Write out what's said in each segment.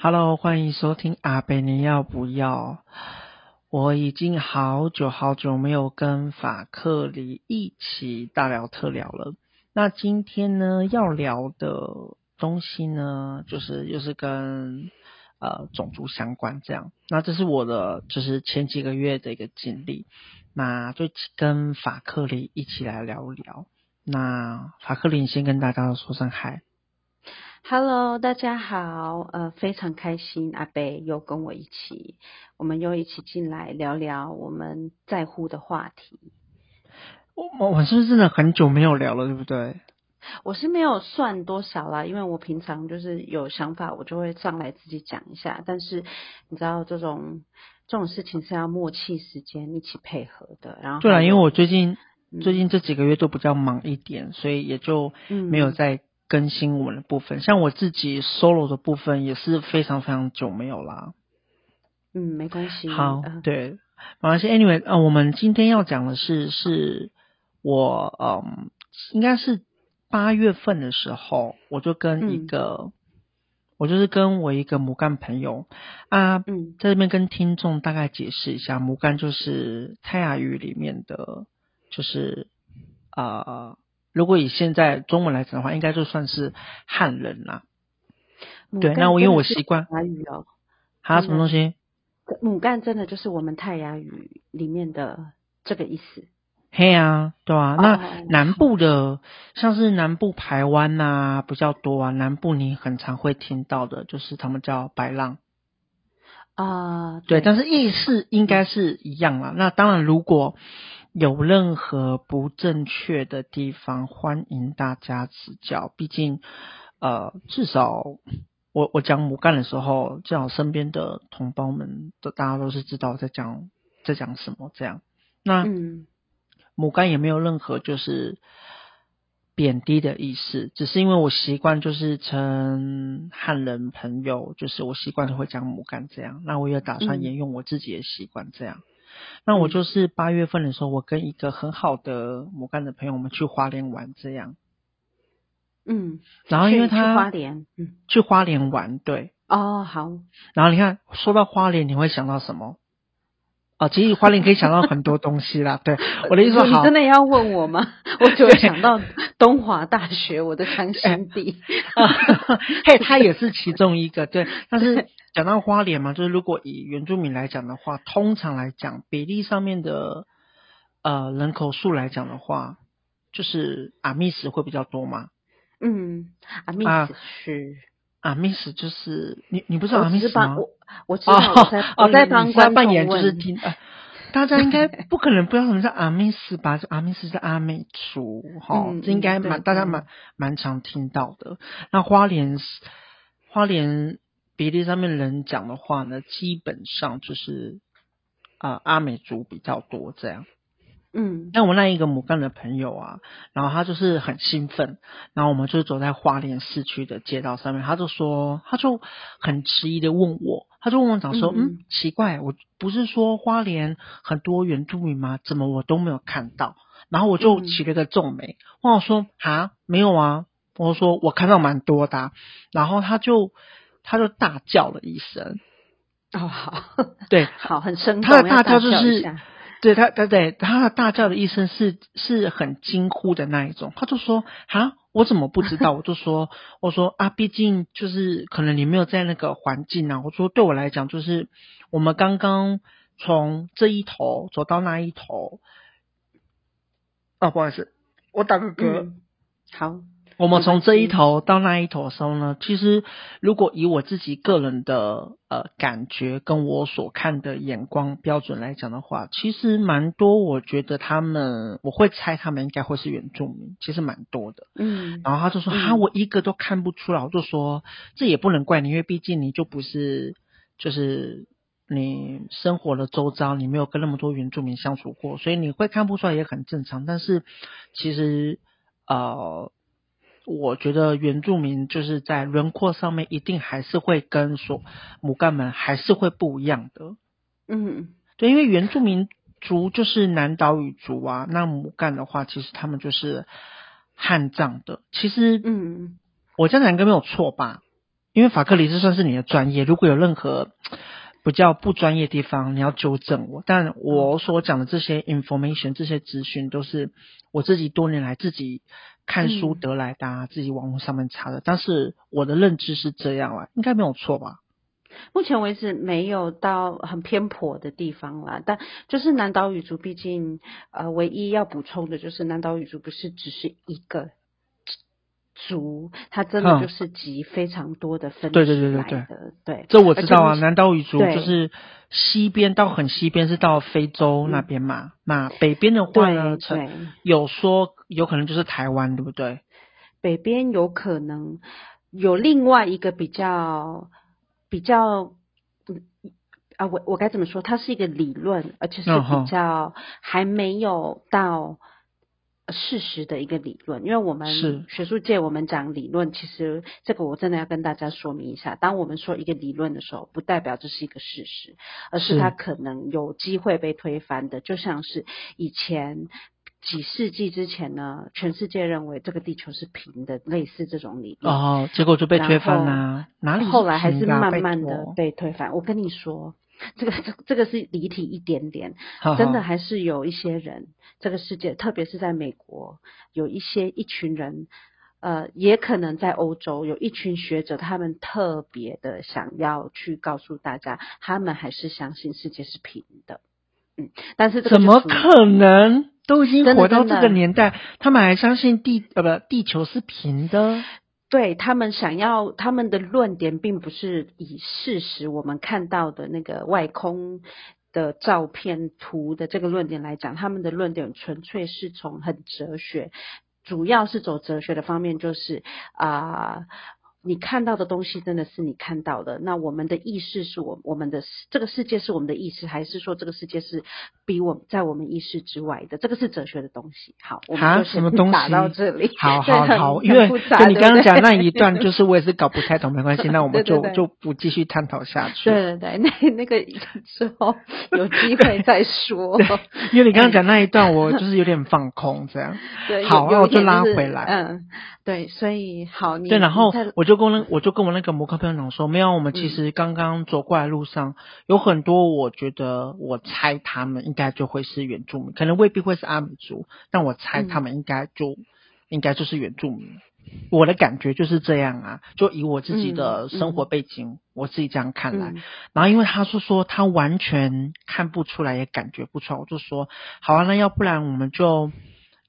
Hello，歡迎收聽阿北。你要不要？我已經好久好久沒有跟法客離一起大聊特聊了。那今天呢，要聊的東西呢，就是，又是跟呃種族相關這樣。那這是我的，就是前幾個月的一個經歷。那就跟法客離一起來聊一聊。那法客離先跟大家說聲嗨。Hello，大家好，呃，非常開心，阿北又跟我一起，我們又一起進來聊聊我們在乎的話題。我我是不是真的很久沒有聊了，對不對？我是沒有算多少啦，因為我平常就是有想法，我就會上來自己講一下。但是你知道，這種這種事情是要默契、時間一起配合的。然後對啊，因為我最近、嗯、最近這幾個月都比較忙一點，所以也就沒有再。更新我們的部分，像我自己 solo 的部分也是非常非常久沒有啦。嗯，沒關係。好、啊，對，沒關係。Anyway，、呃、我們今天要講的是，是我嗯，應該是八月份的時候，我就跟一個，嗯、我就是跟我一個摩干朋友啊、嗯，在這邊跟聽眾大概解釋一下，摩干就是泰雅語裡面的，就是啊。呃如果以現在中文來講的話，應該就算是漢人啦。對，那我因為我習慣。母幹哦。還有什麼東西？母干真的就是我們泰雅語裡面的這個意思。嘿啊，對啊、啊哦？那南部的，哦、是像是南部台灣吶比較多啊，南部你很常會聽到的，就是他們叫白浪。啊、呃。對，但是意思應該是一樣啦。嗯、那當然，如果。有任何不正確的地方，歡迎大家指教。畢竟，呃，至少我我講母干的時候，至少身邊的同胞們都大家都是知道在講在講什麼這樣。那，嗯，母干也沒有任何就是貶低的意思，只是因為我習慣就是稱漢人朋友，就是我習慣會講母干這樣。那我也打算沿用我自己的習慣這樣。嗯那我就是八月份的時候，嗯，我跟一個很好的摩干的朋友，我們去花蓮玩這樣。嗯，然後因為他去花蓮，嗯，去花蓮玩，對。哦，好。然後你看，說到花蓮，你會想到什麼？哦，其實花蓮可以想到很多東西啦。 對，我的意思說，好，真的要問我嗎？ 我就想到東華大學，我的傷心地啊。嘿，它也是其中一個。對，但是講到花蓮嘛，就是如果以原住民來講的話，通常來講比例上面的呃人口數來講的話，就是阿密斯會比較多嗎？嗯，阿密斯是。啊阿密斯就是你，你不是阿密斯嗎？我是我知道哦，在旁哦在扮演，就是聽。呃、大家應該不可能不知道什麼叫阿密斯吧？ 阿密斯是阿美族，哈，這、嗯、應該蠻大家蠻蠻常聽到的。那花蓮，花蓮比例上面人講的話呢，基本上就是啊、呃、阿美族比較多這樣。嗯，那我那一個母乾的朋友啊，然後他就是很興奮，然後我們就走在花蓮市區的街道上面，他就說，他就很遲疑的問我，他就問我講說嗯，嗯，奇怪，我不是說花蓮很多原住民嗎？怎麼我都沒有看到？然後我就起了個皺眉，問、嗯、我說，啊，沒有啊？我說我看到蠻多的、啊，然後他就他就大叫了一聲，哦好，對，好，很生氣，他的大叫就是。對他，對他對他的大叫的一聲是是很驚呼的那一種，他就說哈，我怎麼不知道？ 我就說，我說啊，畢竟就是可能你沒有在那個環境啊。我說，對我來講，就是我們剛剛從這一頭走到那一頭。哦，不好意思，我打個嗝，嗯。好。我們從這一頭到那一頭的時候呢，嗯、其實如果以我自己個人的呃感覺跟我所看的眼光標準來講的話，其實蠻多。我覺得他們，我會猜他們應該會是原住民，其實蠻多的。嗯，然後他就說：“哈、嗯啊，我一個都看不出來。”我就說：“這也不能怪你，因為畢竟你就不是，就是你生活的周遭，你沒有跟那麼多原住民相處過，所以你會看不出來也很正常。但是其實，呃。”我覺得原住民就是在輪廓上面一定還是會跟所母干們還是會不一樣的。嗯，對，因為原住民族就是南島語族啊，那母干的話，其實他們就是漢藏的。其實，嗯，我這樣講應該沒有錯吧？因為法客離這算是你的專業，如果有任何比較不叫不專業的地方，你要糾正我。但我所講的這些 information，這些資訊都是我自己多年來自己。看書得來的，啊嗯，自己網絡上面查的，但是我的認知是這樣啦，啊、應該沒有錯吧？目前為止沒有到很偏頗的地方啦，但就是南島語族，畢竟呃，唯一要補充的就是南島語族不是只是一個。族，它真的就是集非常多的分支來的對對對對,對,對，這我知道啊。南島語族就是西邊到很西邊是到非洲那邊嘛，嗯、那北邊的話呢，對對有說有可能就是台灣，對不對？北邊有可能有另外一個比較比較啊，我我該怎麼說？它是一個理論，而、就、且是比較還沒有到。嗯事實的一個理論，因為我們學術界我們講理論，其實這個我真的要跟大家說明一下，當我們說一個理論的時候，不代表這是一個事實，而是它可能有機會被推翻的，就像是以前。幾世紀之前呢，全世界認為這個地球是平的，類似這種理念。哦，結果就被推翻了。哪裡是平的，啊？後來還是慢慢的被推翻。我跟你說，這個這個，這個是離題一點點，嗯，真的還是有一些人，嗯，這個世界特別是在美國，有一些一群人，呃，也可能在歐洲，有一群學者，他們特別的想要去告訴大家，他們還是相信世界是平的。嗯，但是這個，就是、怎麼可能？都已經活到這個年代，真的真的他們還相信地呃不地球是平的。對，他們想要他們的論點，並不是以事實我們看到的那個外空的照片圖的這個論點來講，他們的論點純粹是從很哲學，主要是走哲學的方面，就是啊。呃你看到的東西真的是你看到的？那我們的意識是我們我們的這個世界是我們的意識，還是說這個世界是比我們在我們意識之外的？這個是哲學的東西。好，我們什麼東西打到這裡。好好好，因為你剛剛講那一段，就是我也是搞不太懂，對對對對，沒關係，那我們就就不繼續探討下去。對對對，那那個時候有機會再說。因為你剛剛講那一段，我就是有點放空這樣。對、就是，好，那我就拉回來。嗯，對，所以好你，對，然後我。就跟我，我就跟我那個摩卡班長說，沒有，我們其實剛剛走過來路上、嗯、有很多，我覺得，我猜他們應該就會是原住民，可能未必會是阿美族，但我猜他們應該就、嗯、應該就是原住民。我的感覺就是這樣啊，就以我自己的生活背景，嗯、我自己這樣看來、嗯。然後因為他是說他完全看不出來，也感覺不出來，我就說，好啊，那要不然我們就。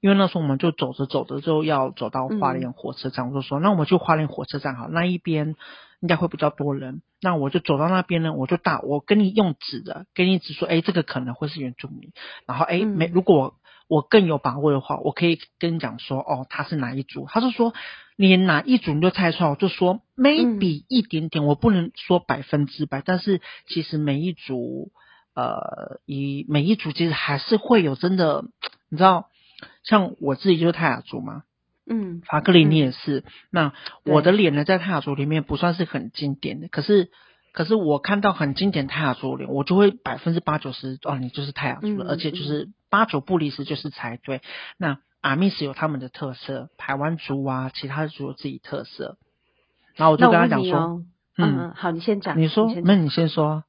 因為那時候我們就走着走着就要走到花蓮火車站，我就說、嗯、那我們去花蓮火車站好，那一邊應該會比較多人。那我就走到那邊呢，我就打我跟你用指的，跟你指說，哎、欸，這個可能會是原住民。然後哎，沒、欸嗯，如果我,我更有把握的話，我可以跟你講說，哦，他是哪一組？他就說你哪一組你就猜出來，我就說 maybe、嗯、一點點，我不能說百分之百，但是其實每一組呃，以每一組其實還是會有真的，你知道？像我自己就是泰雅族嘛，嗯，法客離你也是、嗯。那我的臉呢，在泰雅族裡面不算是很經典的，可是，可是我看到很經典泰雅族臉，我就會百分之八九十哦，哦，你就是泰雅族了、嗯，而且就是八九不離十就是才對、嗯嗯。那阿密斯有他們的特色，排灣族啊，其他的族有自己特色。然後我就跟他講說、哦嗯嗯，嗯，好，你先講、啊，你說，那你，你先說。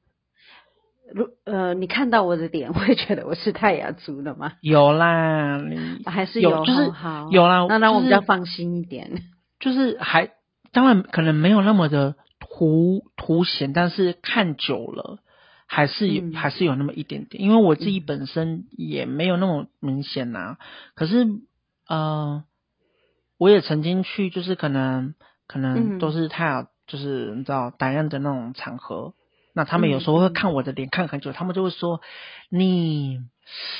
如呃，你看到我的臉，會覺得我是太陽族的嗎？有啦，你還是有，有就是有啦，那讓我們比較放心一點。就是、就是、還當然可能沒有那麼的突凸顯，但是看久了還是有、嗯，還是有那麼一點點。因為我自己本身也沒有那麼明顯吶、啊嗯。可是呃，我也曾經去，就是可能可能都是太陽，就是你知道，打樣的那種場合。那他們有時候會看我的臉、嗯、看很久，他們就會說你，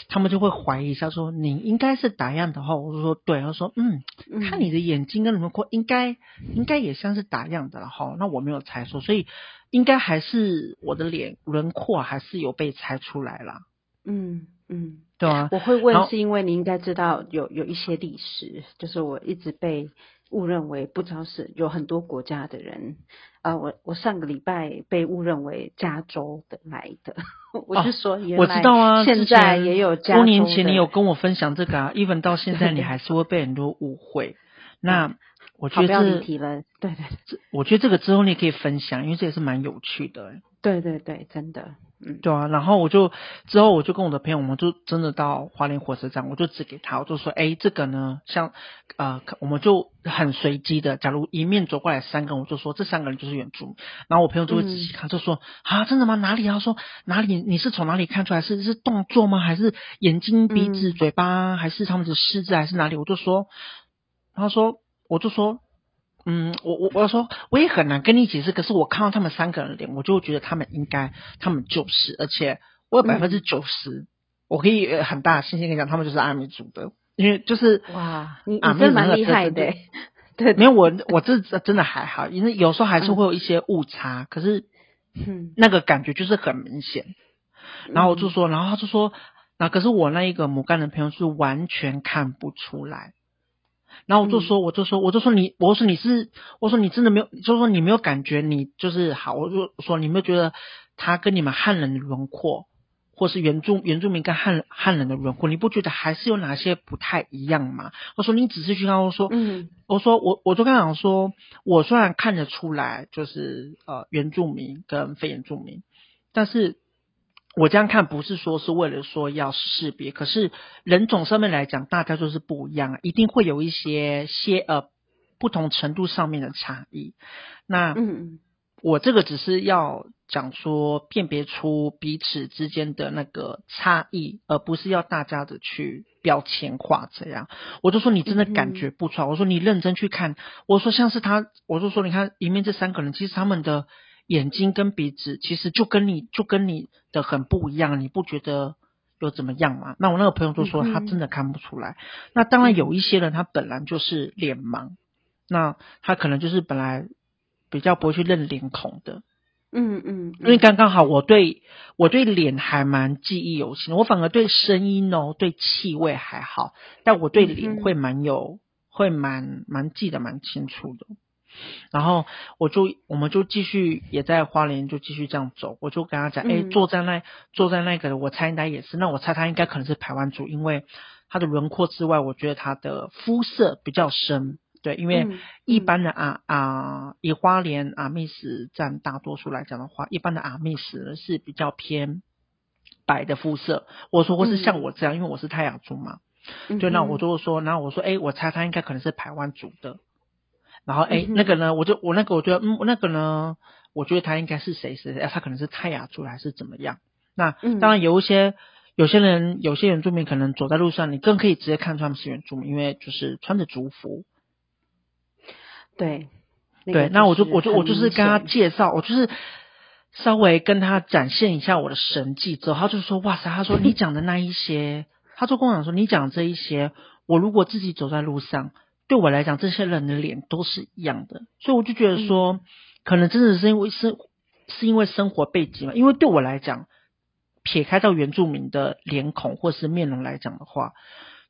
他們就會懷疑一下說你應該是打樣的話，我就說對，他說嗯，看你的眼睛跟輪廓、嗯、應該應該也像是打樣的了哈，那我沒有猜錯，所以應該還是我的臉輪廓還是有被猜出來了。嗯嗯，對啊。我會問是因為你應該知道有有一些歷史、嗯，就是我一直被。誤認為不知道是有很多國家的人啊、呃！我我上個禮拜被誤認為加州的來的， 我是說、哦，我知道啊，現在，現在也有加州。多年前你有跟我分享這個啊，even 到現在你還是會被很多誤會。 那我覺得，不要離題了。對對對，我覺得這個之後你可以分享，因為這也是蠻有趣的、欸。對對對，真的，嗯，對啊，然後我就之後我就跟我的朋友，我們就真的到花蓮火車站，我就指給他，我就說，哎，這個呢，像，呃，我們就很隨機的，假如迎面走過來三個人，我就說這三個人就是原住，然後我朋友就會仔細看，嗯、就說，啊，真的嗎？哪裡啊？他說哪裡？你是從哪裡看出來？是是動作嗎？還是眼睛、嗯、鼻子、嘴巴，還是他們的四肢，還是哪裡？我就說，然後說，我就說。嗯，我我我說我也很難跟你解釋，可是我看到他們三個人的臉，我就覺得他們應該他們就是，而且我有百分之九十，我可以很大的信心跟你講，他們就是阿美族的，因為就是哇，你真蠻厲害的，的，對，對，沒有我我這真的還好，因為有時候還是會有一些誤差、嗯，可是那個感覺就是很明顯、嗯，然後我就說，然後他就說，那可是我那一個母干的朋友是完全看不出來。然後我就說，我就說，我就說你，我說你是，我說你真的沒有，就是說你沒有感覺，你就是好，我就說你沒有覺得他跟你們漢人的輪廓，或是原住原住民跟漢漢人的輪廓，你不覺得還是有哪些不太一樣嗎？我說你仔細去看，我說，嗯，我說我我就剛剛說，我雖然看得出來就是呃原住民跟非原住民，但是。我這樣看不是說是為了說要識別，可是人種上面來講，大家就是不一樣啊，一定會有一些些呃不同程度上面的差異。那嗯，我這個只是要講說辨別出彼此之間的那個差異，而不是要大家的去標籤化這樣。我就說你真的感覺不出來、嗯，我說你認真去看，我說像是他，我就說你看裡面這三個人，其實他們的。眼睛跟鼻子其實就跟你，就跟你的很不一樣，你不覺得有怎麼樣嗎？那我那個朋友都說他真的看不出來。嗯嗯。那當然有一些人他本來就是臉盲、嗯，那他可能就是本來比較不會去認臉孔的。嗯嗯，嗯。因為剛剛好我，我對我對臉還蠻記憶猶新，我反而對聲音哦，對氣味還好，但我對臉會蠻有，會蠻蠻記得蠻清楚的。然後我就，我們就繼續也在花蓮就繼續這樣走，我就跟他講，哎、嗯，坐在那坐在那個的，我猜應該也是，那我猜他應該可能是排灣族，因為他的輪廓之外，我覺得他的膚色比較深，對，因為一般的啊、嗯嗯、啊以花蓮阿美斯占大多數來講的話，一般的阿美斯是比較偏白的膚色，我說或是像我這樣，嗯、因為我是泰雅族嘛，嗯、對，那我就說，然後我說，哎，我猜他應該可能是排灣族的。然後哎、嗯，那個呢，我就我那個我覺得，嗯，那個呢，我覺得他應該是誰誰誰，啊、他可能是泰雅出來還是怎麼樣。那、嗯、當然有一些有些人有些原住民可能走在路上，你更可以直接看出他們是原住民，因為就是穿着族服。對，對。那個就是很明顯。那我就我就我就是跟他介紹，我就是稍微跟他展現一下我的神蹟之後，他就說哇塞，他說你講的那一些， 他就跟我講說你講這一些，我如果自己走在路上。對我來講，這些人的臉都是一樣的，所以我就覺得說，嗯、可能真的是因為是，是因為生活背景嘛。因為對我來講，撇開到原住民的臉孔或是面容來講的話，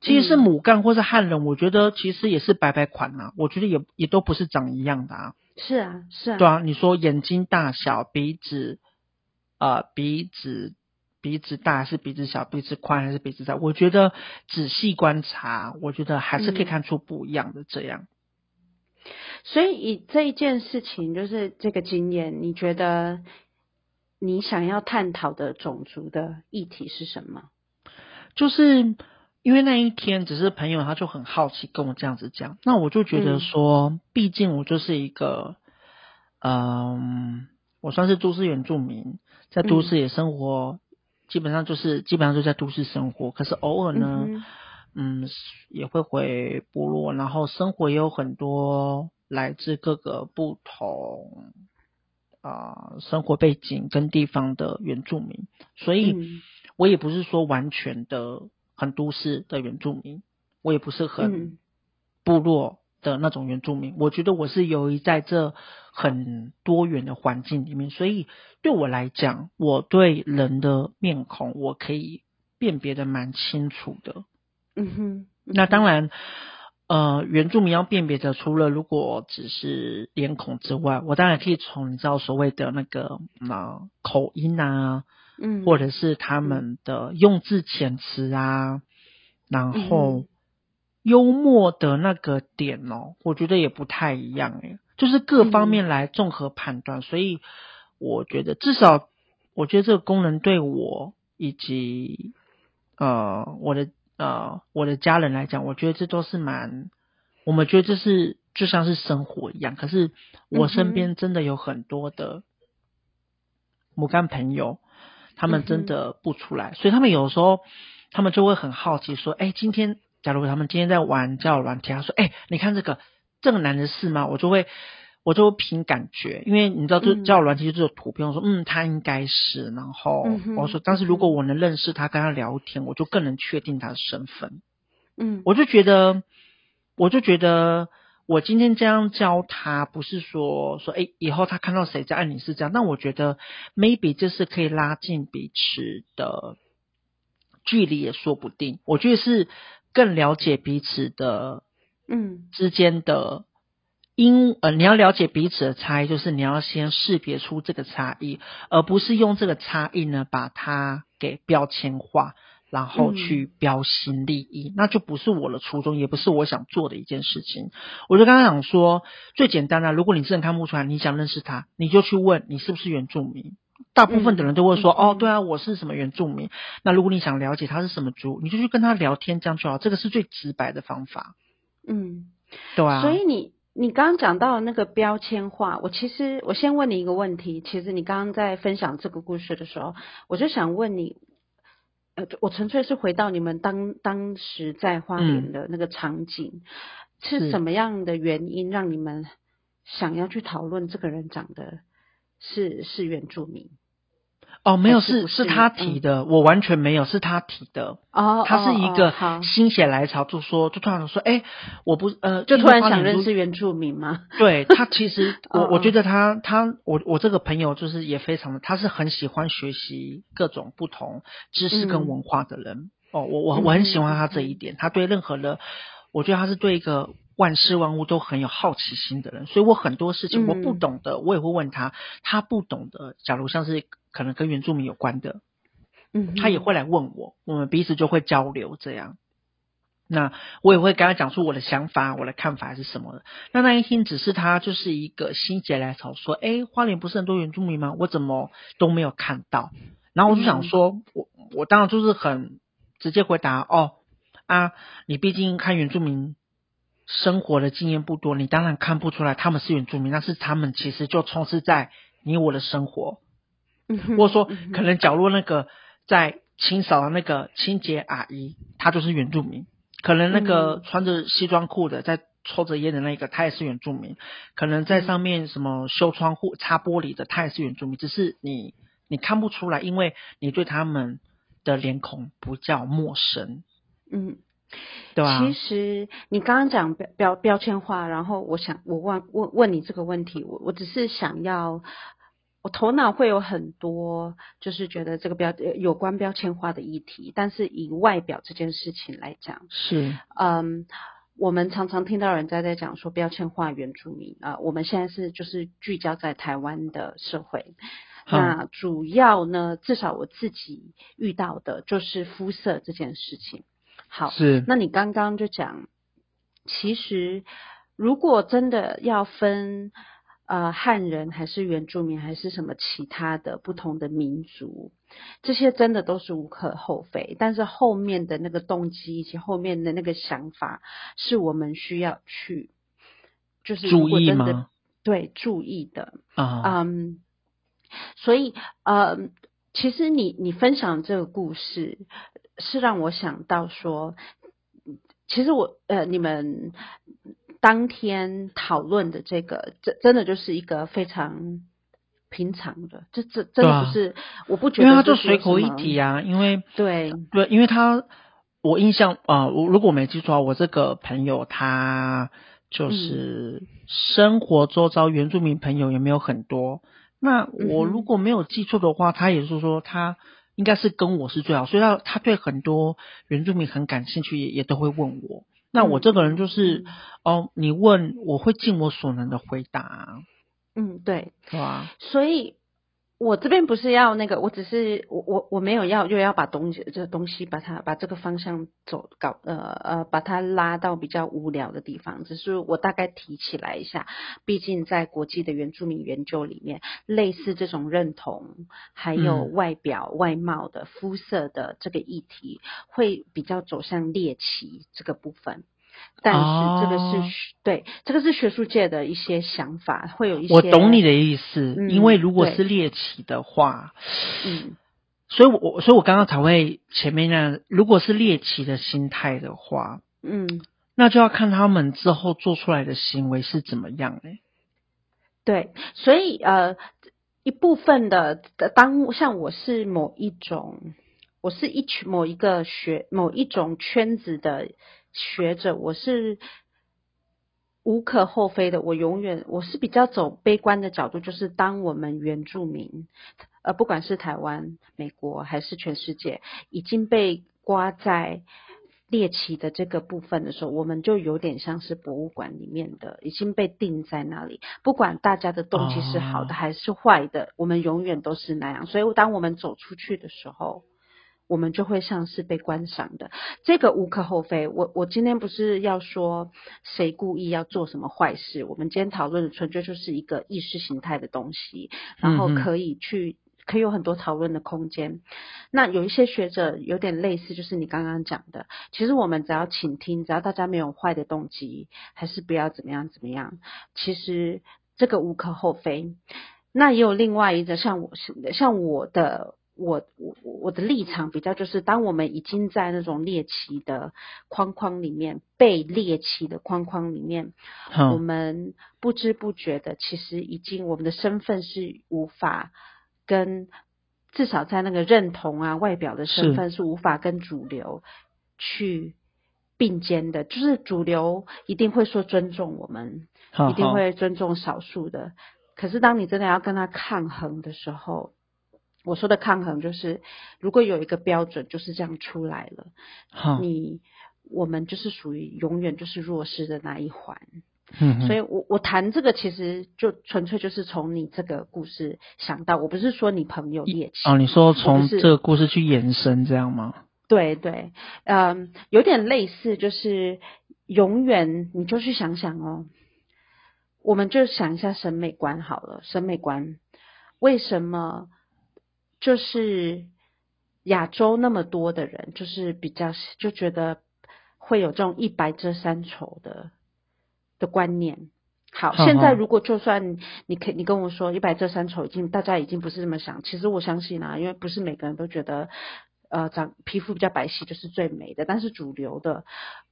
其實是母干或是漢人，嗯、我覺得其實也是百百款啊，我覺得也也都不是長一樣的啊。是啊，是啊。對啊，你說眼睛大小、鼻子，啊、呃、鼻子。鼻子大還是鼻子小，鼻子寬還是鼻子窄，我覺得仔細觀察，我覺得還是可以看出不一樣的。這樣、嗯，所以以這一件事情，就是這個經驗，你覺得你想要探討的種族的議題是什麼？就是因為那一天只是朋友，他就很好奇跟我這樣子講，那我就覺得說、嗯，畢竟我就是一個，嗯、呃，我算是都市原住民，在都市也生活。嗯基本上就是基本上就是在都市生活，可是偶爾呢嗯，嗯，也會回部落，然後生活也有很多來自各個不同啊、呃、生活背景跟地方的原住民，所以我也不是說完全的很都市的原住民，我也不是很部落。嗯的那種原住民，我覺得我是由於在這很多元的環境裡面，所以對我來講，我對人的面孔我可以辨別的蠻清楚的。嗯哼，那當然，呃，原住民要辨別的除了如果只是臉孔之外，我當然可以從你知道所謂的那個啊、嗯、口音啊，嗯，或者是他們的用字遣詞啊，然後。嗯幽默的那個點哦，我覺得也不太一樣誒，就是各方面來綜合判斷，嗯、所以我覺得至少，我覺得這個功能對我以及呃我的呃我的家人來講，我覺得這都是蠻，我們覺得這是就像是生活一樣。可是我身邊真的有很多的母干朋友，他們真的不出來，嗯、所以他們有時候他們就會很好奇說：“哎，今天。”假如他們今天在玩交友軟體。他說：“哎、欸，你看這個，這個男人是嗎？”我就會，我就會憑感覺，因為你知道，這交友軟體。就是有圖片、嗯，我說：“嗯，他應該是。”然後、嗯、我說：“但是如果我能認識他，跟他聊天，我就更能確定他的身份。”嗯，我就覺得，我就覺得，我今天這樣教他，不是說說哎、欸，以後他看到誰在暗你是這樣。但我覺得，maybe 這是可以拉近彼此的距離也說不定。我覺得是。更了解彼此的，嗯，之間的因呃，你要了解彼此的差異，就是你要先識別出這個差異，而不是用這個差異呢，把它給標籤化，然後去標新立異，那就不是我的初衷，也不是我想做的一件事情。我就剛剛想說，最簡單的，如果你真的看不出來，你想認識他，你就去問，你是不是原住民？大部分的人都會說，嗯嗯，“哦，對啊，我是什麼原住民。嗯”那如果你想了解他是什麼族，你就去跟他聊天這樣就好，這個是最直白的方法。嗯，對啊。所以你你剛剛講到那個標籤化，我其實我先問你一個問題，其實你剛剛在分享這個故事的時候，我就想問你，呃，我純粹是回到你們當當時在花蓮的那個場景，嗯是，是什麼樣的原因讓你們想要去討論這個人長得？是是原住民是是哦，沒有是是他提的、嗯，我完全沒有是他提的哦，他是一個心血來潮，就說、哦哦、就突然說，哎、欸，我不呃，就突然想認識原住民嗎、嗯？對他其實我我覺得他他我我這個朋友就是也非常的，他是很喜歡學習各種不同知識跟文化的人、嗯、哦，我我我很喜歡他這一點，嗯、他對任何的。我覺得他是對一個萬事萬物都很有好奇心的人，所以我很多事情我不懂得，我也會問他、嗯。他不懂的，假如像是可能跟原住民有關的，嗯，他也會來問我。我們彼此就會交流這樣。那我也會跟他講出我的想法、我的看法是什麼的。那那一聽，只是他就是一個心血來潮說：“誒，花蓮不是很多原住民嗎？我怎麼都沒有看到？”然後我就想說，嗯、我我當然就是很直接回答：“哦。”啊！你畢竟看原住民生活的經驗不多，你當然看不出來他們是原住民。但是他們其實就充斥在你我的生活。或者說，可能角落那個在清掃的那個清潔阿姨，她就是原住民。可能那個穿着西裝褲的在抽着菸的那一個，他也是原住民。可能在上面什麼修窗戶、擦玻璃的，他也是原住民。只是你你看不出來，因為你對他們的臉孔不叫陌生。嗯，對啊，其實你剛剛講標標標籤化，然後我想我問我問問你這個問題，我我只是想要，我頭腦會有很多，就是覺得這個標有關標籤化的議題，但是以外表這件事情來講，是嗯，我們常常聽到人家在，在講說標籤化原住民啊，呃，我們現在是就是聚焦在台灣的社會，那主要呢，至少我自己遇到的就是膚色這件事情。好，是。那你剛剛就講，其實如果真的要分，呃，漢人還是原住民，還是什麼其他的不同的民族，這些真的都是無可厚非。但是後面的那個動機以及後面的那個想法，是我們需要去，就是如果真的，注意嗎？對，注意的。啊，嗯。所以，呃，其實你你分享這個故事。是讓我想到說，其實我呃，你們當天討論的這個，真真的就是一個非常平常的，這這真的不是，啊、我不覺得。因為他就隨口一提啊，就是、因為對對，因為他我印象啊，呃、我如果沒記錯啊，我這個朋友他就是生活周遭原住民朋友也沒有很多，那我如果沒有記錯的話，嗯、他也是說他。應該是跟我是最好，所以他他對很多原住民很感興趣也，也也都會問我。那我這個人就是，嗯、哦，你問我會盡我所能的回答。嗯，對，是吧、啊？所以。我這邊不是要那個，我只是我我我沒有要又要把東西這個東西把它把這個方向走搞呃呃把它拉到比較無聊的地方，只是我大概提起來一下。畢竟在國際的原住民研究裡面，類似這種認同還有外表外貌的膚色的這個議題，會比較走向獵奇這個部分。但是這個是、哦、對，這個是學術界的一些想法，會有一些。我懂你的意思，嗯、因為如果是獵奇的話，嗯，所以我所以我剛剛才會前面那，如果是獵奇的心態的話，嗯，那就要看他們之後做出來的行為是怎麼樣嘞。對，所以呃，一部分的當像我是某一種，我是一群某一個學某一種圈子的。學者，我是無可厚非的。我永遠我是比較走悲觀的角度，就是當我們原住民，呃，不管是台灣、美國還是全世界，已經被掛在獵奇的這個部分的時候，我們就有點像是博物館裡面的，已經被定在那裡。不管大家的動機是好的還是壞的，啊、我們永遠都是那樣。所以，當我們走出去的時候，我們就會像是被觀賞的，這個無可厚非。我我今天不是要說誰故意要做什麼壞事，我們今天討論的純粹就是一個意識形態的東西，然後可以去、嗯、可以有很多討論的空間。那有一些學者有點類似，就是你剛剛講的，其實我們只要傾聽，只要大家沒有壞的動機，還是不要怎麼樣怎麼樣，其實這個無可厚非。那也有另外一個像我是像我的。我我我的立場比較就是，當我們已經在那種獵奇的框框裡面，被獵奇的框框裡面，我們不知不覺的，其實已經我們的身份是無法跟至少在那個認同啊，外表的身份是無法跟主流去並肩的。就是主流一定會說尊重我們，好好一定會尊重少數的。可是當你真的要跟他抗衡的時候，我說的抗衡就是，如果有一個標準就是這樣出來了，好，你我們就是屬於永遠就是弱勢的那一環。嗯，所以我我談這個其實就純粹就是從你這個故事想到，我不是說你朋友也績，哦，你說從這個故事去延伸這樣嗎？對對，嗯，有點類似，就是永遠你就去想想哦，我們就想一下審美觀好了，審美觀為什麼？就是亞洲那麼多的人，就是比較就覺得會有這種一白遮三醜的的觀念。好，現在如果就算你肯你跟我說一白遮三醜，已經大家已經不是這麼想。其實我相信啊，因為不是每個人都覺得呃長皮膚比較白皙就是最美的。但是主流的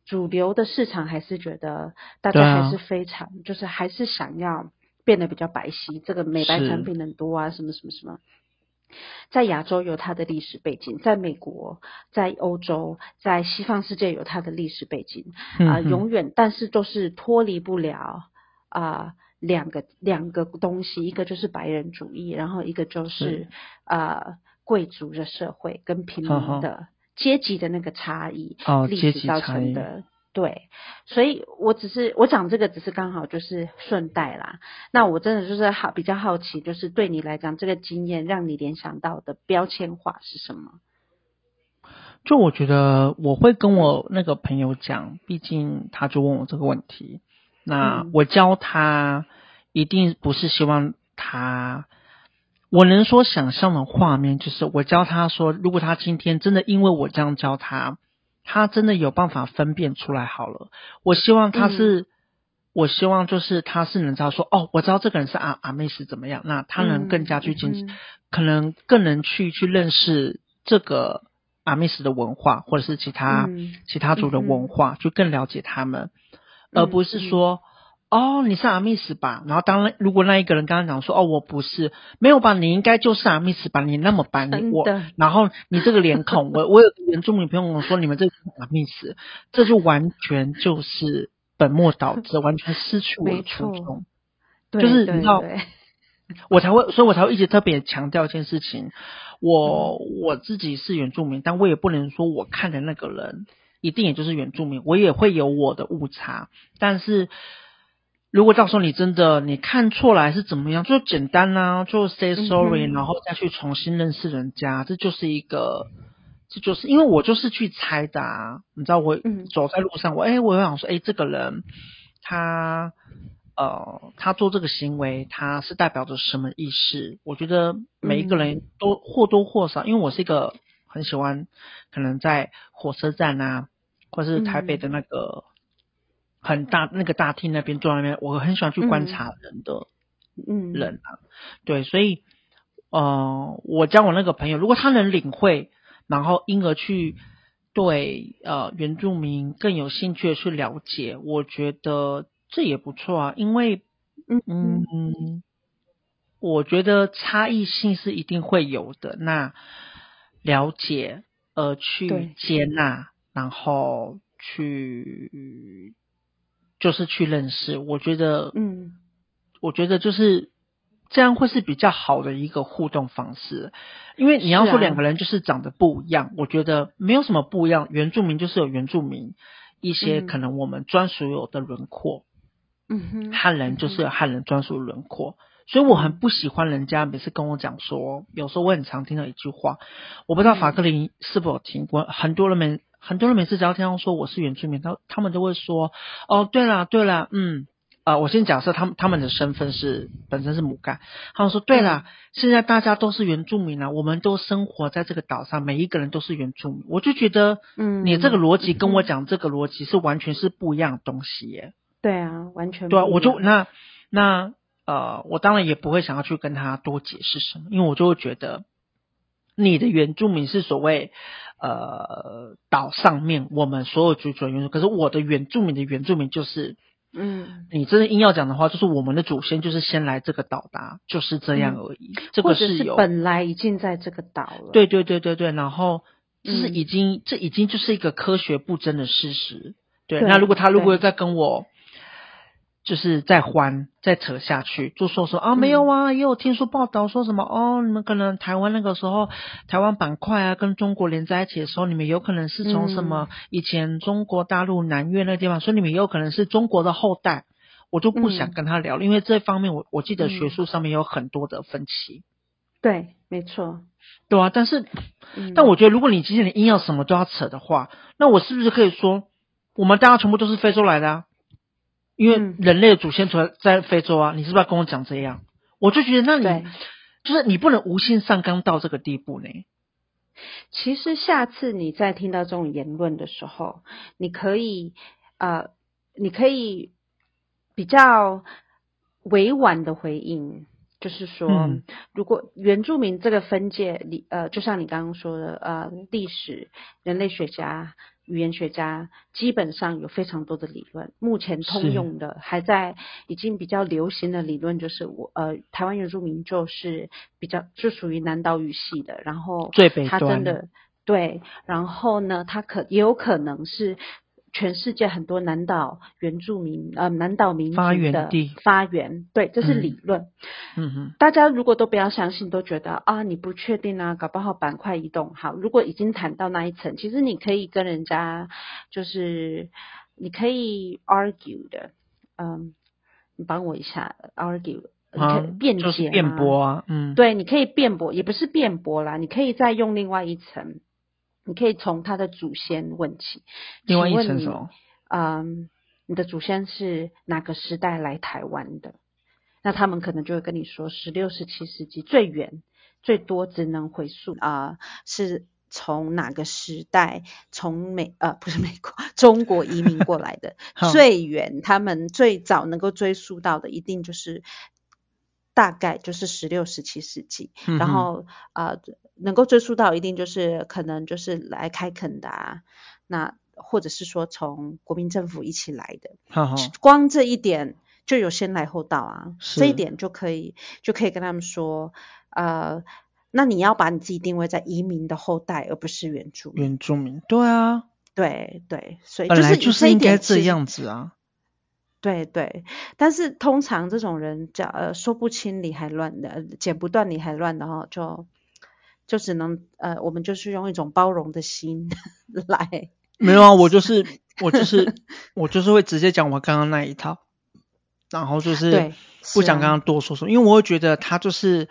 主流的市場還是覺得大家還是非常、啊、就是還是想要變得比較白皙，這個美白產品很多啊，什麼什麼什麼。在亞洲有它的歷史背景，在美國、在歐洲、在西方世界有它的歷史背景啊、呃，永遠但是都是脫離不了啊、呃，兩個兩個東西，一個就是白人主義，然後一個就是啊、呃、貴族的社會跟平民的好好階級的那個差異，哦、歷史造成的。對，所以我只是我講這個只是剛好就是順帶啦。那我真的就是好比較好奇，就是對你來講這個經驗讓你聯想到的標籤化是什麼？就我覺得我會跟我那個朋友講，畢竟他就問我這個問題。那我教他一定不是希望他，嗯、我能說想象的畫面就是我教他說，如果他今天真的因為我這樣教他。他真的有辦法分辨出來好了。我希望他是、嗯，我希望就是他是能知道說，哦，我知道這個人是阿、阿美斯怎麼樣，那他能更加去進、嗯嗯，可能更能去去認識這個阿美斯的文化，或者是其他、嗯、其他族的文化、嗯，就更了解他們，嗯、而不是說。嗯是哦，你是阿密斯吧？然後當然，如果那一個人剛剛講說，哦，我不是，沒有吧？你應該就是阿密斯吧？你那麼白，你我，然後你這個臉孔，我我有原住民朋友跟我說，你們這個是阿密斯，這就完全就是本末倒置，完全失去我的初衷。對，就是你知道，對對對，我才會，所以我才會一直特別強調一件事情。我、嗯、我自己是原住民，但我也不能說我看的那個人一定也就是原住民，我也會有我的誤差，但是。如果到時候你真的你看錯了還是怎麼樣？就簡單啦、啊，就 say sorry、嗯、然後再去重新認識人家，這就是一個，這就是因為我就是去猜的啊，你知道我走在路上，嗯、我哎、欸，我想說，哎、欸，這個人他呃，他做這個行為，他是代表着什麼意思？我覺得每一個人都或多或少，嗯、因為我是一個很喜歡可能在火車站啊，或是台北的那個。嗯很大那個大廳那邊坐在那邊，我很喜歡去觀察人的，嗯，人啊，對，所以，呃，我教我那個朋友，如果他能領會，然後因而去對呃原住民更有興趣的去了解，我覺得這也不錯啊，因為，嗯嗯嗯，我覺得差異性是一定會有的，那了解而、呃、去接納，然後去。就是去認識，我覺得，嗯，我覺得就是這樣會是比較好的一個互動方式，因為你要說兩個人就是長得不一樣、啊，我覺得沒有什麼不一樣。原住民就是有原住民一些、嗯、可能我們專屬有的輪廓，嗯哼，漢人就是漢人專屬輪廓、嗯，所以我很不喜歡人家每次跟我講說，有時候我很常聽到一句話，我不知道法客離是否聽過、嗯，很多人們。很多人每次只要聽我說我是原住民，他他們都會說哦，對了對了，嗯啊、呃，我先假設他們他們的身份是本身是母蓋，他們說對了、嗯，現在大家都是原住民了、啊，我們都生活在這個島上，每一個人都是原住民，我就覺得嗯，你這個邏輯跟我講這個邏輯是完全是不一樣的東西耶。嗯、對啊，完全不一樣。對啊，我就那那呃，我當然也不會想要去跟他多解釋什麼，因為我就會覺得。你的原住民是所謂，呃，島上面我們所有族群的原住民，可是我的原住民的原住民就是，嗯，你真的硬要講的話，就是我們的祖先就是先來這個島達，就是這樣而已。嗯、這個是有是本來已經在這個島了。對對對對對，然後這是已經、嗯、這已經就是一個科學不爭的事實。對，對那如果他如果再跟我。就是再還，再扯下去，就說說啊，沒有啊，也有聽說報道說什麼、嗯、哦，你們可能台灣那個時候，台灣板塊啊跟中國連在一起的時候，你們有可能是從什麼、嗯、以前中國大陸南越那地方，所以你們有可能是中國的後代。我就不想跟他聊了、嗯，因為這方面我我記得學術上面有很多的分歧。對，沒錯。對啊，但是、嗯，但我覺得如果你今天你硬要什麼都要扯的話，那我是不是可以說，我們大家全部都是非洲來的啊？因為人類的祖先出在非洲啊、嗯，你是不是要跟我講這樣？我就覺得那你對，就是你不能無限上綱到這個地步呢。其實下次你再聽到這種言論的時候，你可以呃，你可以比較委婉的回應。就是說、嗯，如果原住民這個分界裡，呃，就像你剛剛說的，呃，歷史、人類學家、語言學家基本上有非常多的理論。目前通用的，還在已經比較流行的理論就是，我呃，台灣原住民就是比較就屬於南島語系的，然後他真的，最北端，對，然後呢，它可也有可能是。全世界很多南島原住民，呃，南島民族的發源，發源地，對，這是理論。嗯，嗯哼，大家如果都不要相信，都覺得啊，你不確定啊，搞不好板塊移動。好，如果已經談到那一層，其實你可以跟人家，就是你可以 argue 的，嗯，你幫我一下 argue，辯、啊、辯解就是辯駁啊，嗯，對，你可以辯駁，也不是辯駁啦，你可以再用另外一層。你可以從他的祖先問起，請問你，嗯、呃，你的祖先是哪個時代來台灣的？那他們可能就會跟你說，十六、十七世紀最遠最多只能回溯啊、呃，是從哪個時代從美呃不是美國中國移民過來的？ 最遠他們最早能夠追溯到的，一定就是。大概就是十六、十七世紀、嗯，然後呃，能夠追溯到一定，就是可能就是來開墾的啊，那或者是說從國民政府一起來的，好，光這一點就有先來後到啊，這一點就可以就可以跟他們說，呃，那你要把你自己定位在移民的後代，而不是原住民原住民，對啊，對對，所以就是，就是應該這樣子啊。對對，但是通常這種人講呃說不清理還亂的剪不斷理還亂的哈、哦，就就只能呃我們就是用一種包容的心來。沒有啊，我就是我就是 我就是會直接講我剛剛那一套，然後就是不想剛剛多說說，啊，因為我會覺得他就是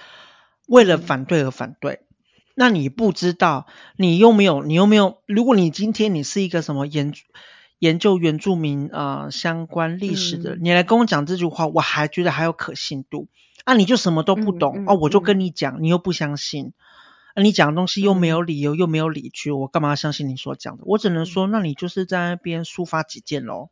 為了反對而反對。嗯，那你不知道，你又沒有你又沒有，如果你今天你是一個什麼嚴研究原住民啊、呃、相關歷史的、嗯，你來跟我講這句話，我還覺得還有可信度。啊，你就什麼都不懂、嗯嗯、哦，我就跟你講、嗯，你又不相信，啊、你講的東西又沒有理由，嗯、又沒有理據，我幹嘛要相信你所講的？我只能說，嗯、那你就是在那邊抒發己見咯。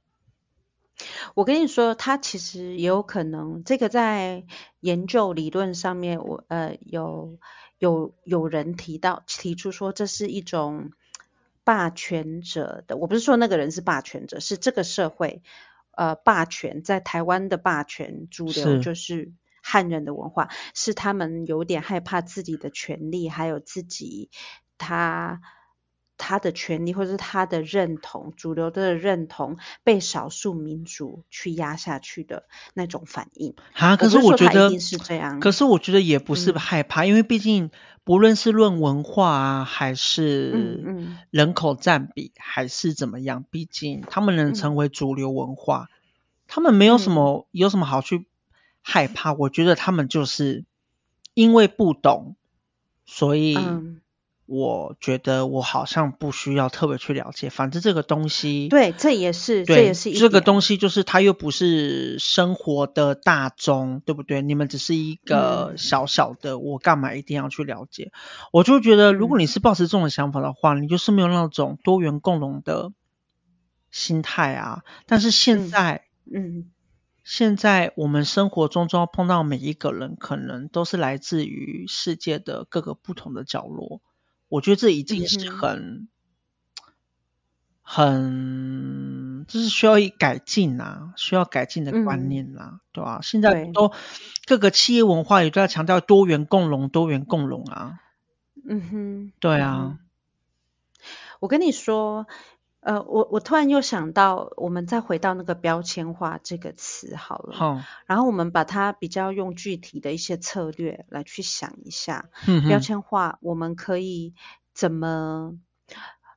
我跟你說，他其實也有可能，這個在研究理論上面，我呃有有有人提到提出說，這是一種。霸權者的，我不是說那個人是霸權者，是這個社會，呃，霸權在台灣的霸權主流就是漢人的文化是，是他們有點害怕自己的權利，還有自己他。他的權利或者是他的認同，主流的認同被少數民族去壓下去的那種反應。啊，可是我覺得，是這樣，可是我覺得也不是害怕，嗯、因為畢竟不論是論文化啊，還是人口占比、嗯嗯，還是怎麼樣，畢竟他們能成為主流文化，嗯、他們沒有什麼、嗯、有什麼好去害怕。我覺得他們就是因為不懂，所以、嗯。我覺得我好像不需要特別去了解，反正這個東西，對，這也是，對這也是一這個東西就是它，又不是生活的大宗對不對？你們只是一個小小的、嗯，我幹嘛一定要去了解？我就覺得，如果你是抱持這種想法的話、嗯，你就是沒有那種多元共榮的心態啊。但是現在，嗯，嗯，現在我們生活中中要碰到每一個人，可能都是來自於世界的各個不同的角落。我覺得這已經是很、嗯、很，就是需要改進啊，需要改進的觀念啊，嗯、對吧？現在都各個企業文化也都在強調多元共榮，多元共榮啊。嗯哼，對啊。嗯、我跟你說。呃，我我突然又想到，我們再回到那個標籤化這個詞好了。好，然後我們把它比較用具體的一些策略來去想一下。嗯，標籤化我們可以怎麼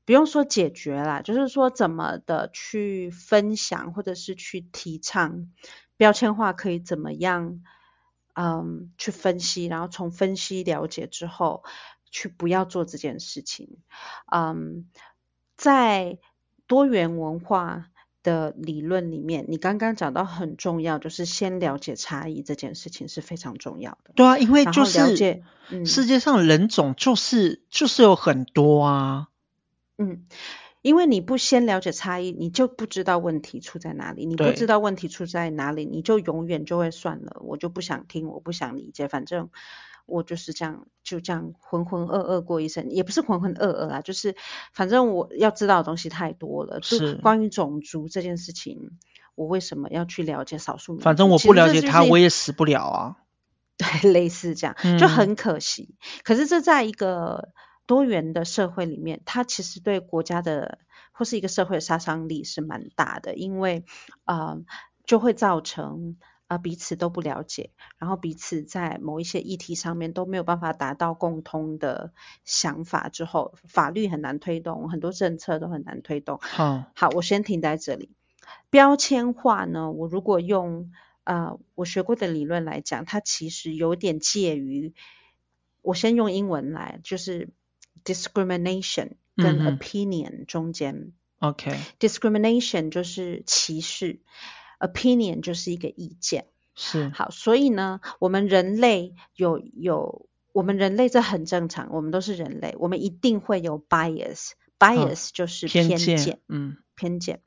不用說解決啦，就是說怎麼的去分享或者是去提倡標籤化可以怎麼樣？嗯，去分析，然後從分析了解之後去不要做這件事情。嗯，在多元文化的理論裡面，你剛剛講到很重要，就是先了解差異這件事情是非常重要的。對啊，因為就是、嗯、世界上人種就是就是有很多啊。嗯，因為你不先了解差異，你就不知道問題出在哪裡。你不知道問題出在哪裡，你就永遠就會算了，我就不想聽，我不想理解，反正。我就是這樣，就這樣渾渾噩噩過一生，也不是渾渾噩噩啊，就是反正我要知道的東西太多了。就是關於種族這件事情，我為什麼要去了解少數民族？反正我不了解他，就是、他我也死不了啊。對，類似這樣就很可惜、嗯。可是這在一個多元的社會裡面，它其實對國家的或是一個社會的殺傷力是蠻大的，因為啊、呃，就會造成。啊，彼此都不了解，然後彼此在某一些議題上面都沒有辦法達到共通的想法之後，法律很難推動，很多政策都很難推動。好、哦，好，我先停在這裡。標籤化呢，我如果用啊、呃，我學過的理論來講，它其實有點介於，我先用英文來，就是 discrimination 跟 opinion、嗯、中間。OK，discrimination、okay。就是歧視。Opinion 就是一個意見，是，好，所以呢，我們人類有有，我們人類這很正常，我們都是人類，我們一定會有 bias，bias bias 就是偏見，哦、偏見，嗯，偏見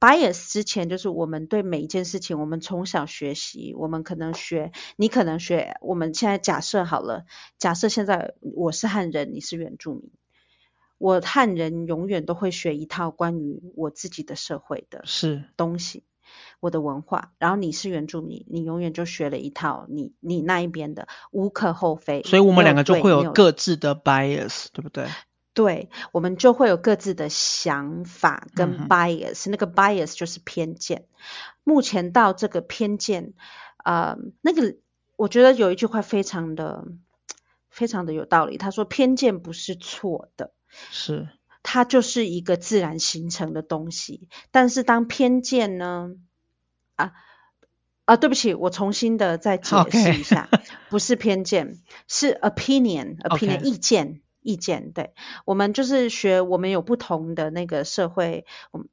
，bias 之前就是我們對每一件事情，我們從小學習，我們可能學，你可能學，我們現在假設好了，假設現在我是漢人，你是原住民，我漢人永遠都會學一套關於我自己的社會的，是東西。我的文化，然後你是原住民，你永遠就學了一套你、你你那一邊的無可厚非，所以我們兩個就會有各自的 bias，對不對？對，我們就會有各自的想法跟 bias，嗯，那個 bias 就是偏見。目前到這個偏見，呃，那個我覺得有一句話非常的非常的有道理，他說偏見不是錯的。是。它就是一個自然形成的東西，但是當偏見呢？啊啊，對不起，我重新的再解釋一下，okay. 不是偏見，是 opinion，opinion，opinion，okay. 意見，意見。對，我們就是學，我們有不同的那個社會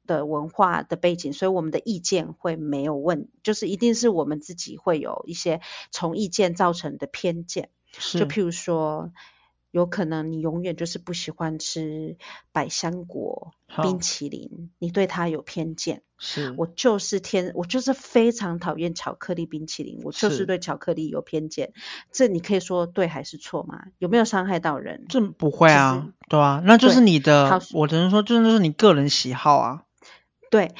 的文化的背景，所以我們的意見會沒有問，就是一定是我們自己會有一些從意見造成的偏見。是，就譬如說。有可能你永遠就是不喜歡吃百香果冰淇淋，你對它有偏見。是我就是天，我就是非常討厭巧克力冰淇淋，我就是對巧克力有偏見。這你可以說對還是錯嗎？有沒有傷害到人？這不會啊、就是，對啊，那就是你的。我只能說，就是你個人喜好啊。對，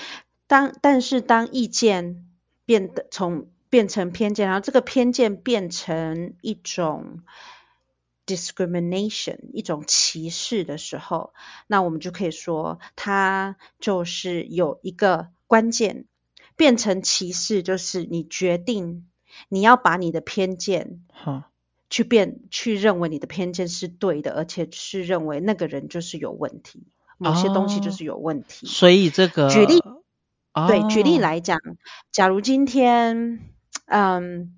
當但是當意見變，變得從變成偏見，然後這個偏見變成一種。Discrimination 一種歧視的時候，那我們就可以說，它就是有一個關鍵，變成歧視，就是你決定你要把你的偏見，哈，去變去認為你的偏見是對的，而且是認為那個人就是有問題，某些東西就是有問題。哦，所以這個舉例，哦，對，舉例來講，哦，假如今天，嗯，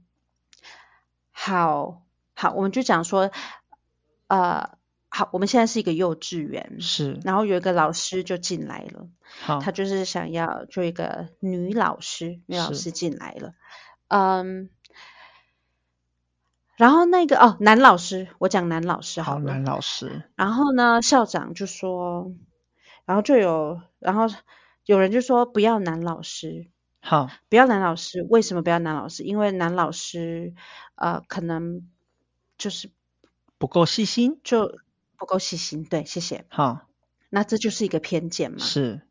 好好，我們就講說。呃，好，我們現在是一個幼稚園，是，然後有一個老師就進來了，好，他就是想要做一個女老師，女老師進來了，嗯，然後那個哦，男老師，我講男老師好，好，男老師，然後呢，校長就說，然後就有，然後有人就說不要男老師，好，不要男老師，為什麼不要男老師？因為男老師，呃，可能就是。不夠細心，就不夠細心。對，謝謝。好，那這就是一個偏見嘛？是。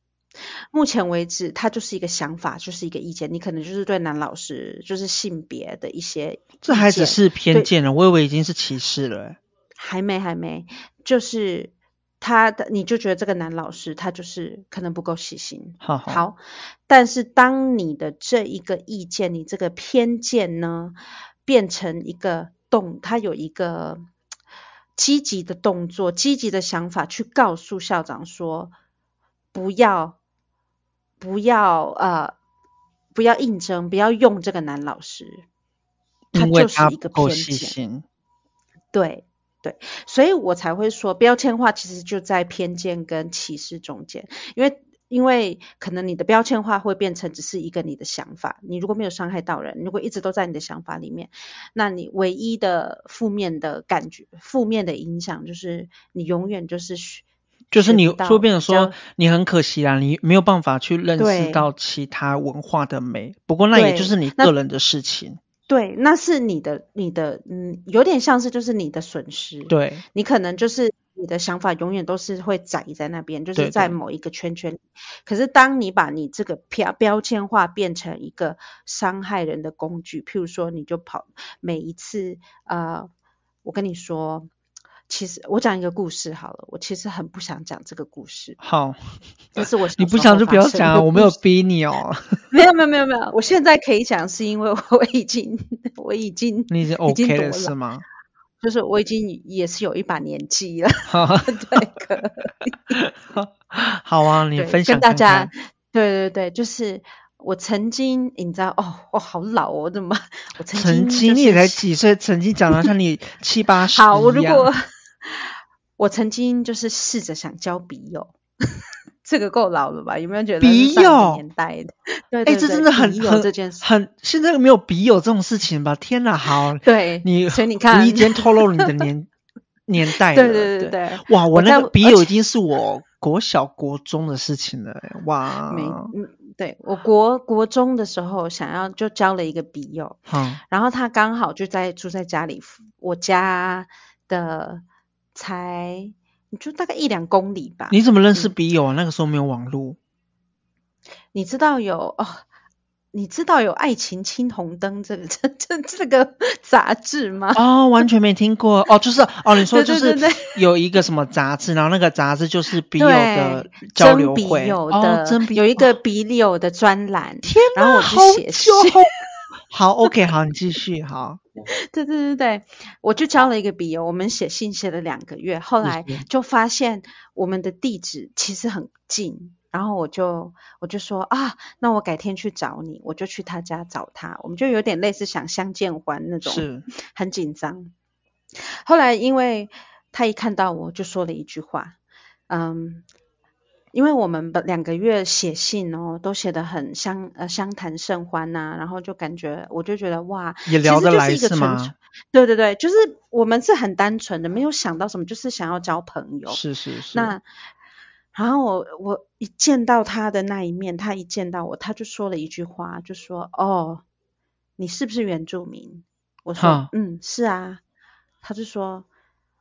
目前為止，他就是一個想法，就是一個意見。你可能就是對男老師就是性別的一些。這還只是偏見呢，我以為已經是歧視了。還沒，還沒，就是他的你就覺得這個男老師他就是可能不夠細心。好，好。但是當你的這一個意見，你這個偏見呢，變成一個動，它有一個。積極的動作、積極的想法，去告訴校長說：“不要，不要，呃，不要應徵，不要用這個男老師，他就是一個偏見。”對對，所以我才會說，標籤化其實就在偏見跟歧視中間，因為。因為可能你的標籤化會變成只是一個你的想法，你如果沒有傷害到人，如果一直都在你的想法裡面，那你唯一的負面的感覺、負面的影響就是你永遠就是，就是你，就變成說你很可惜啦，你沒有辦法去認識到其他文化的美。不過那也就是你個人的事情。對，那是你的、你的，嗯，有點像是就是你的損失。對，你可能就是。你的想法永遠都是會窄在那邊，就是在某一個圈圈裡。對對。可是當你把你這個標標籤化變成一個傷害人的工具，譬如說你就跑每一次，呃，我跟你說，其實我講一個故事好了。我其實很不想講這個故事。好，但是我你不想就不要講啊，我沒有逼你哦。 沒有沒有沒有沒有，我現在可以講，是因為我已經我已經，你是 okay，已經 OK 了是嗎？就是我已經也是有一把年紀了，好 啊 可 好啊，你分享看看跟大家。對對對，就是我曾經，你知道，哦，我、哦、好老哦，怎麼？我曾經，曾經你才幾歲？曾經長得像你七八十、啊。 好，我如果我曾經就是試着想交筆友。 這個夠老了吧？有沒有覺得筆友年代的？哎、欸，這真的很這件事很很，現在又沒有筆友這種事情吧？天哪，好， 對你，所以你看，你已經透露了你的年 年代了，對對對對。對哇，我那個筆友已經是我國小國中的事情了。哇，沒嗯，對，我國國中的時候想要就交了一個筆友、嗯，然後他剛好就在住在家裡，我家的才。就大概一兩公里吧。你怎麼認識筆友啊、嗯？那個時候沒有網絡。你知道有哦？你知道有《愛情青紅燈、這個》這個這這這個雜誌嗎？啊、哦，完全沒聽過 哦。就是哦，你說就是有一個什麼雜誌， 對對對對然後那個雜誌就是筆友的交流會，真筆友的哦、有一個筆友的專欄。天啊，寫好害羞。 好，OK，好，你繼續，好。 對對對對，我就交了一個筆友，我們寫信寫了兩個月，後來就發現我們的地址其實很近，然後我就我就說啊，那我改天去找你，我就去他家找他，我們就有點類似想相見還那種，是， 很緊張。後來因為他一看到我就說了一句話，嗯。因為我們兩個月寫信哦，都寫的很相呃相談甚歡吶、啊，然後就感覺我就覺得哇，也聊得來是,一個純純是嗎？對對對，就是我們是很單純的，沒有想到什麼，就是想要交朋友。是是是。那然後我我一見到他的那一面，他一見到我，他就說了一句話，就說哦，你是不是原住民？我說、啊、嗯是啊。他就說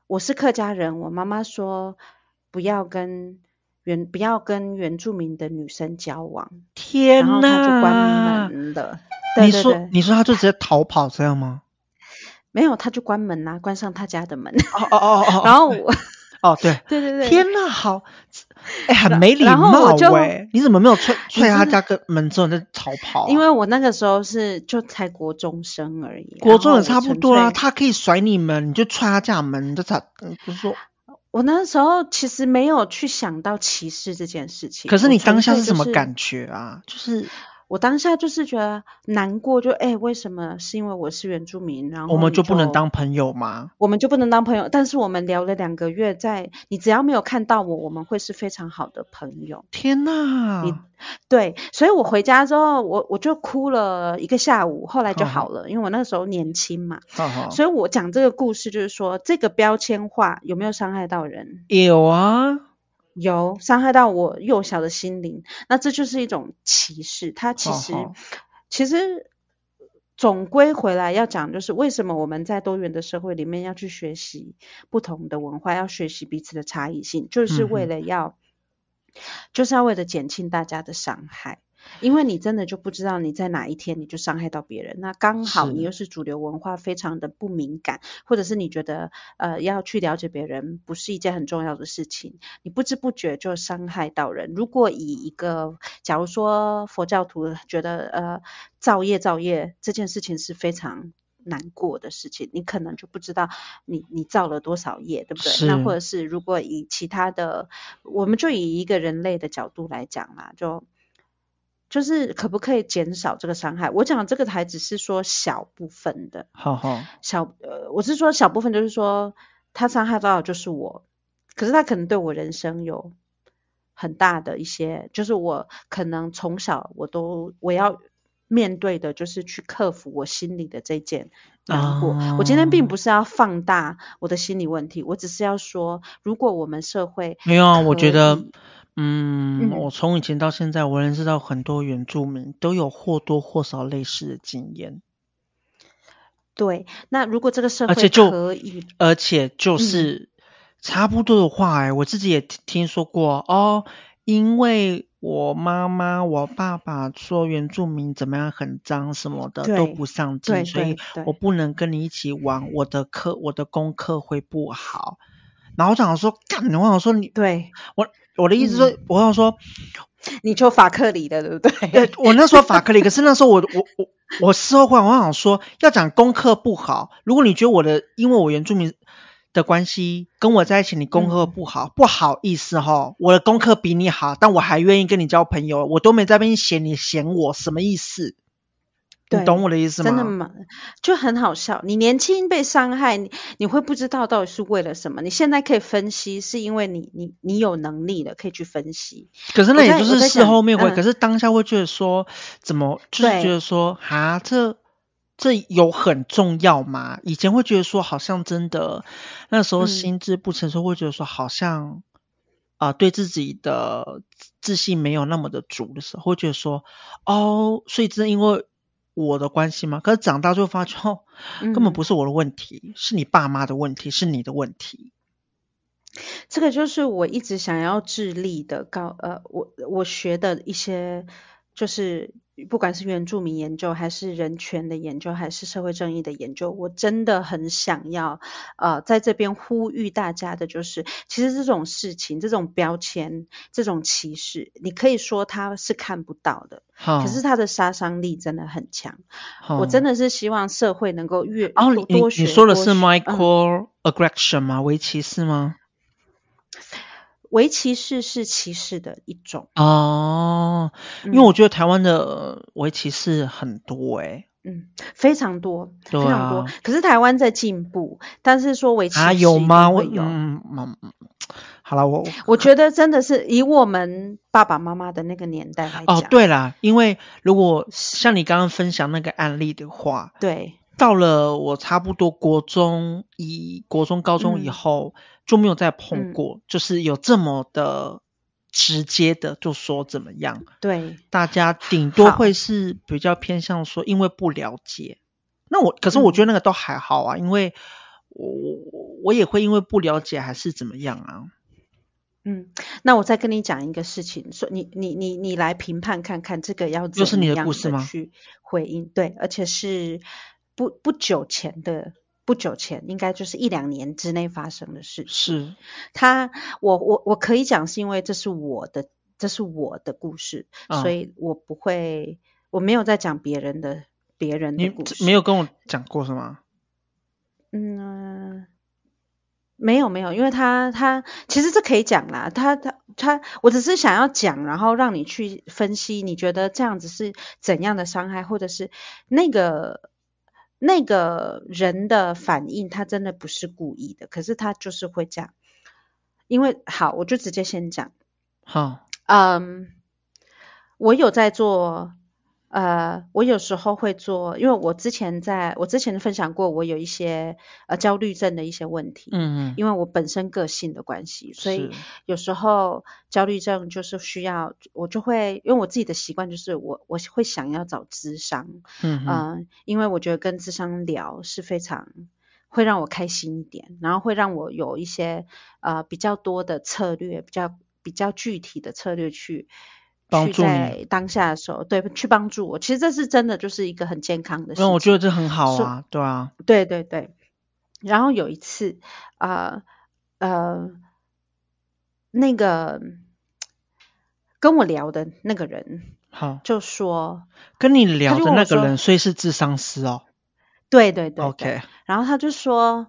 我是客家人，我媽媽說不要跟。原，不要跟原住民的女生交往，天哪，吶，他就關門了。你說，你說他就直接逃跑這樣嗎？沒有，他就關門吶、啊，關上他家的門。哦哦哦哦，哦 然後我，哦對，哦對， 對對對，天哪，好，哎，很沒禮貌就、欸、你怎麼沒有踹踹他家的門之後就逃跑、啊？因為我那個時候是就才國中生而已，國中也差不多啊。他可以甩你門，你就踹他家門，這才，不、就是說。我那時候其實沒有去想到歧視這件事情。可是你當下，就是就是，可是你當下是什麼感覺啊？就是。我當下就是覺得難過，就哎、欸，為什麼？是因為我是原住民，然後我們就不能當朋友嗎？我們就不能當朋友，但是我們聊了兩個月在，在你只要沒有看到我，我們會是非常好的朋友。天哪！你對，所以我回家之後，我我就哭了一個下午，後來就好了，呵呵，因為我那時候年輕嘛，呵呵。所以我講這個故事，就是說這個標籤化有沒有傷害到人？有啊。有傷害到我幼小的心靈，那這就是一種歧視。它其實，好好其實總歸回來要講，就是為什麼我們在多元的社會裡面要去學習不同的文化，要學習彼此的差異性，就是為了要，嗯、就是要為了減輕大家的傷害。因為你真的就不知道你在哪一天你就傷害到別人，那剛好你又是主流文化非常的不敏感，或者是你覺得呃要去了解別人不是一件很重要的事情，你不知不覺就傷害到人。如果以一個假如說佛教徒覺得呃造業造業這件事情是非常難過的事情，你可能就不知道你你造了多少業，對不對？那或者是如果以其他的，我們就以一個人類的角度來講嘛、啊，就。就是可不可以減少這個傷害？我講的這個才只是說小部分的，好好小呃，我是說小部分，就是說他傷害到的就是我，可是他可能對我人生有很大的一些，就是我可能從小我都我要面對的，就是去克服我心裡的這件難過、嗯。我今天並不是要放大我的心理問題，我只是要說，如果我們社會沒有、啊，我覺得。嗯，嗯，我從以前到現在，我認識到很多原住民都有或多或少類似的經驗。對，那如果這個社會可以，而且就而且、就是、嗯、差不多的話、欸，哎，我自己也聽，聽說過哦。因為我媽媽、我爸爸說原住民怎麼樣很髒什麼的都不上進，所以我不能跟你一起玩，我的課、我的功課會不好。然後我想說，幹！然後我想說，你對我。我的意思說、就是嗯，我想說，你求法客離的，對不對？對、欸，我那時候法客離， 可是那時候我我我我事後會，我想說，要講功課不好。如果你覺得我的，因為我原住民的關係跟我在一起，你功課不好，嗯，不好意思哈，我的功課比你好，但我還願意跟你交朋友，我都沒在那邊嫌你嫌我，什麼意思？你懂我的意思嗎？真的嗎？就很好笑。你年輕被傷害你，你會不知道到底是為了什麼。你現在可以分析，是因為你你你有能力了，可以去分析。可是那也就是事後面會、嗯，可是當下會覺得說，怎麼就是覺得說啊，這這有很重要嗎？以前會覺得說，好像真的那時候心智不成熟，會、嗯、覺得說好像啊、呃，對自己的自信沒有那麼的足的時候，會覺得說哦，所以正因為。我的關係嗎？可是長大就發覺，哦，根本不是我的問題，嗯，是你爸媽的問題，是你的問題。這個就是我一直想要致力的高，呃，我我學的一些。就是不管是原住民研究，還是人權的研究，還是社會正義的研究，我真的很想要，呃，在這邊呼籲大家的就是，其實這種事情、這種標籤、這種歧視，你可以說它是看不到的，哦、可是它的殺傷力真的很強。哦、我真的是希望社會能夠越、哦、多，你，多你說的是 microaggression 嗎？嗯、微歧視嗎？微歧視是歧視的一種哦，因為我覺得台灣的微歧、嗯、視很多誒、欸、嗯，非常多，非常多。啊、可是台灣在進步，但是說微歧視有、啊、有嗎？我有、嗯嗯。嗯，好啦，我我覺得真的是以我們爸爸媽媽的那個年代來講。哦，對啦，因為如果像你剛剛分享那個案例的話，對，到了我差不多國中以國中、高中以後。嗯就沒有再碰過、嗯，就是有這麼的直接的，就說怎麼樣？對，大家頂多會是比較偏向說，因為不了解。那我，可是我覺得那個都還好啊，嗯、因為我我我也會因為不了解還是怎麼樣啊？嗯，那我再跟你講一個事情，說你你你你來評判看看，這個要怎樣、就是你的故事嗎？去回應。對，而且是不不久前的。不久前，應該就是一兩年之內發生的事。是，他，我，我，我可以講，是因為這是我的，這是我的故事，嗯、所以我不會，我沒有在講別人的，別人的故事，沒有跟我講過是嗎？嗯，沒有沒有，因為他他其實這可以講啦，他他他，我只是想要講，然後讓你去分析，你覺得這樣子是怎樣的傷害，或者是那個。那個人的反應，他真的不是故意的，可是他就是會這樣。因為好，我就直接先講。好。嗯，我有在做。呃，我有時候會做，因為我之前在我之前分享過，我有一些呃焦慮症的一些問題，嗯嗯，因為我本身個性的關係，所以有時候焦慮症就是需要我就會因為我自己的習慣就是我我會想要找諮商，嗯嗯、呃，因為我覺得跟諮商聊是非常會讓我開心一點，然後會讓我有一些呃比較多的策略，比較比較具體的策略去。去在當下的時候，幫，對，去幫助我，其實這是真的，就是一個很健康的事情。嗯，我覺得這很好啊，對啊。對對對，然後有一次，呃呃，那個跟我聊的那個人，好，就說跟你聊的那個人，雖是諮商師哦。對對對，對，對，OK。然後他就說：“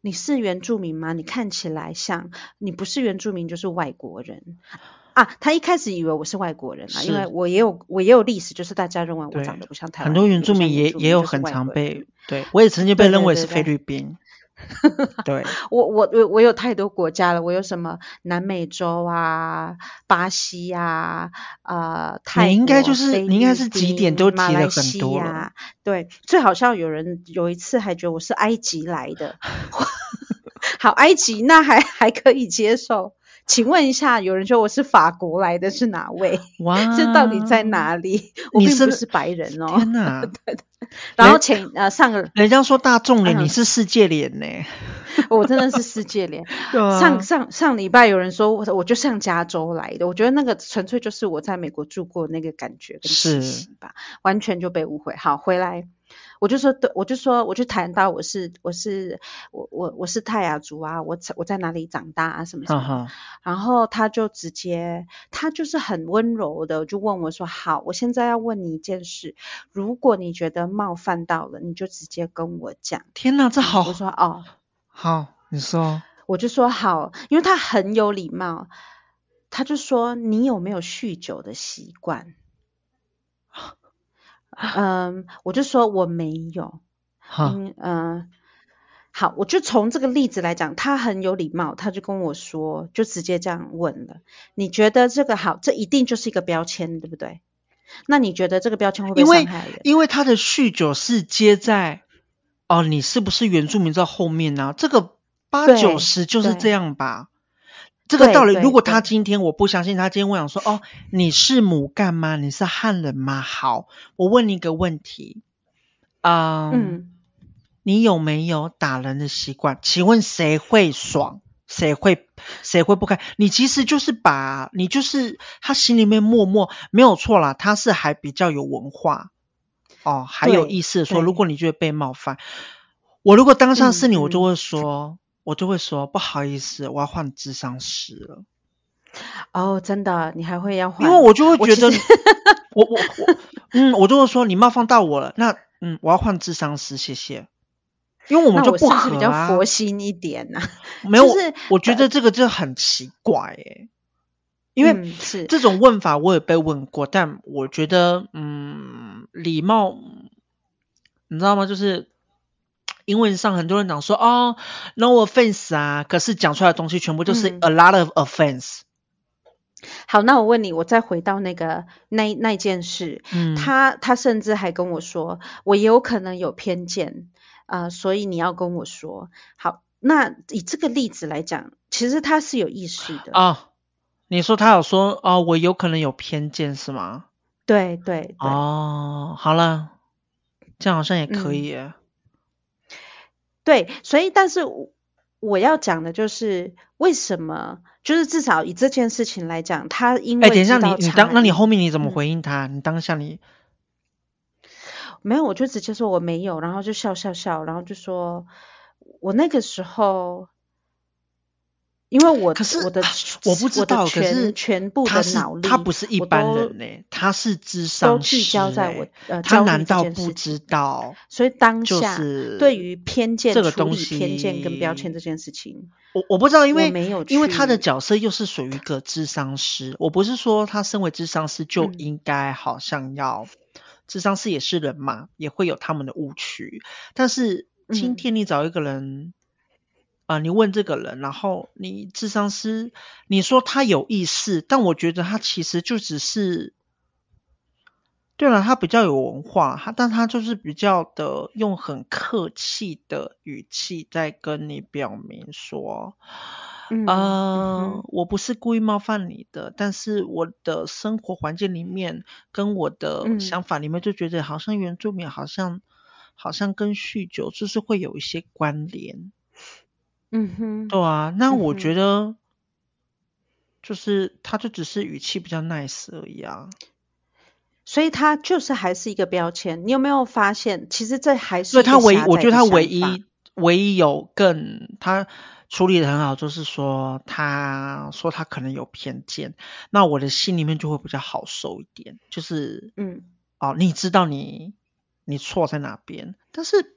你是原住民嗎？你看起來像，你不是原住民就是外國人。”啊，他一開始以為我是外國人，因為我也有我也有歷史，就是大家認為我長得不像台灣。很多原住民也住民也有很常被，對我也曾經被認為是菲律賓。對， 對我我我我有太多國家了，我有什麼南美洲啊、巴西呀、啊、啊、呃、泰，你應該就是你應該是幾點都提了很多了西。對，最好笑有人有一次還覺得我是埃及來的， 好，埃及那還還可以接受。請問一下，有人說我是法國來的，是哪位？哇，這 到底在哪裡？你是 不是白人哦？天、啊、 對對，然後請、欸呃、上個人家說大眾臉、欸嗯，你是世界臉呢、欸？ 我真的是世界臉。 啊、上上上禮拜有人說我我就像加州來的，我覺得那個純粹就是我在美國住過那個感覺跟心情吧，是完全就被誤會。好，回來。我就說，我就說，我就談到我是我是我我我是泰雅族啊，我我在哪裡長大啊什麼什麼的，啊，然後他就直接，他就是很溫柔的就問我說，好，我現在要問你一件事，如果你覺得冒犯到了，你就直接跟我講。天哪，這好。我說哦，好，你說。我就說好，因為他很有禮貌，他就說你有沒有酗酒的習慣？嗯，我就說我沒有。好，嗯、呃，好，我就從這個例子來講，他很有禮貌，他就跟我說，就直接這樣問了。你覺得這個好？這一定就是一個標籤，對不對？那你覺得這個標籤會不會傷害人？因為因為他的酗酒是接在哦、呃，你是不是原住民在後面呢、啊？這個八九十就是這樣吧。這個道理，如果他今天，我不相信他今天問我想說：“哦，你是母干嗎？你是漢人嗎？”好，我問你一個問題，嗯，嗯，你有沒有打人的習慣？請問誰會爽？誰會誰會不開？你其實就是把你就是他心裡面默默沒有錯啦。他是還比較有文化哦，還有意思說，如果你覺得被冒犯，我如果當上是你，嗯，我就會說。嗯我就會說不好意思，我要換諮商師了。哦、oh,，真的，你還會要換？因為我就會覺得，我 我我，我，嗯，我就會說你冒犯到我了，那嗯，我要換諮商師，謝謝。因為我們就不合啊。我是不是比較佛心一點吶、啊、沒有、就是我，我覺得這個就很奇怪耶、欸。因為是這種問法，我也被問過、嗯，但我覺得，嗯，禮貌，你知道嗎？就是。英文上很多人講說哦，no offense 啊，可是講出來的東西全部就是 a lot of offense、嗯。好，那我問你，我再回到那個那那件事，嗯、他他甚至還跟我說，我有可能有偏見啊、呃，所以你要跟我說。好，那以這個例子來講，其實他是有意思的啊、哦。你說他有說啊、哦，我有可能有偏見是嗎？對，對對。哦，好了，這樣好像也可以。嗯對，所以但是我，我要講的就是為什麼？就是至少以這件事情來講，他因為……哎、欸，等一下，你你當那你後面你怎麼回應他？嗯、你當下你沒有，我就直接說我沒有，然後就笑笑笑，然後就說我那個時候。因為我可是我的我不知道，可是全部的腦力他，他不是一般人誒、欸，他是諮商師，欸，交在我，呃，他呃，他難道不知道？所以當下，就是，對於偏見這個東西，偏見跟標籤這件事情，我我不知道，因為沒有因為他的角色又是屬於一個諮商師，我不是說他身為諮商師就應該好像要諮，嗯、商師也是人嘛，也會有他們的誤區，但是今天你找一個人。嗯啊、呃，你問這個人，然後你智商師，你說他有意識，但我覺得他其實就只是，對了，他比較有文化，他但他就是比較的用很客氣的語氣在跟你表明說嗯、呃，嗯，我不是故意冒犯你的，但是我的生活環境裡面跟我的想法裡面就覺得好像原住民好像好像跟酗酒就是會有一些關聯。嗯哼，對啊，那我覺得就是他就只是語氣比較 nice 而已啊，所以他就是還是一個標籤。你有沒有發現，其實這還是一個標籤？對，他唯一，我覺得他唯一唯一有更他處理得很好，就是說他說他可能有偏見，那我的心裡面就會比較好受一點，就是嗯哦，你知道你你錯在哪邊，但是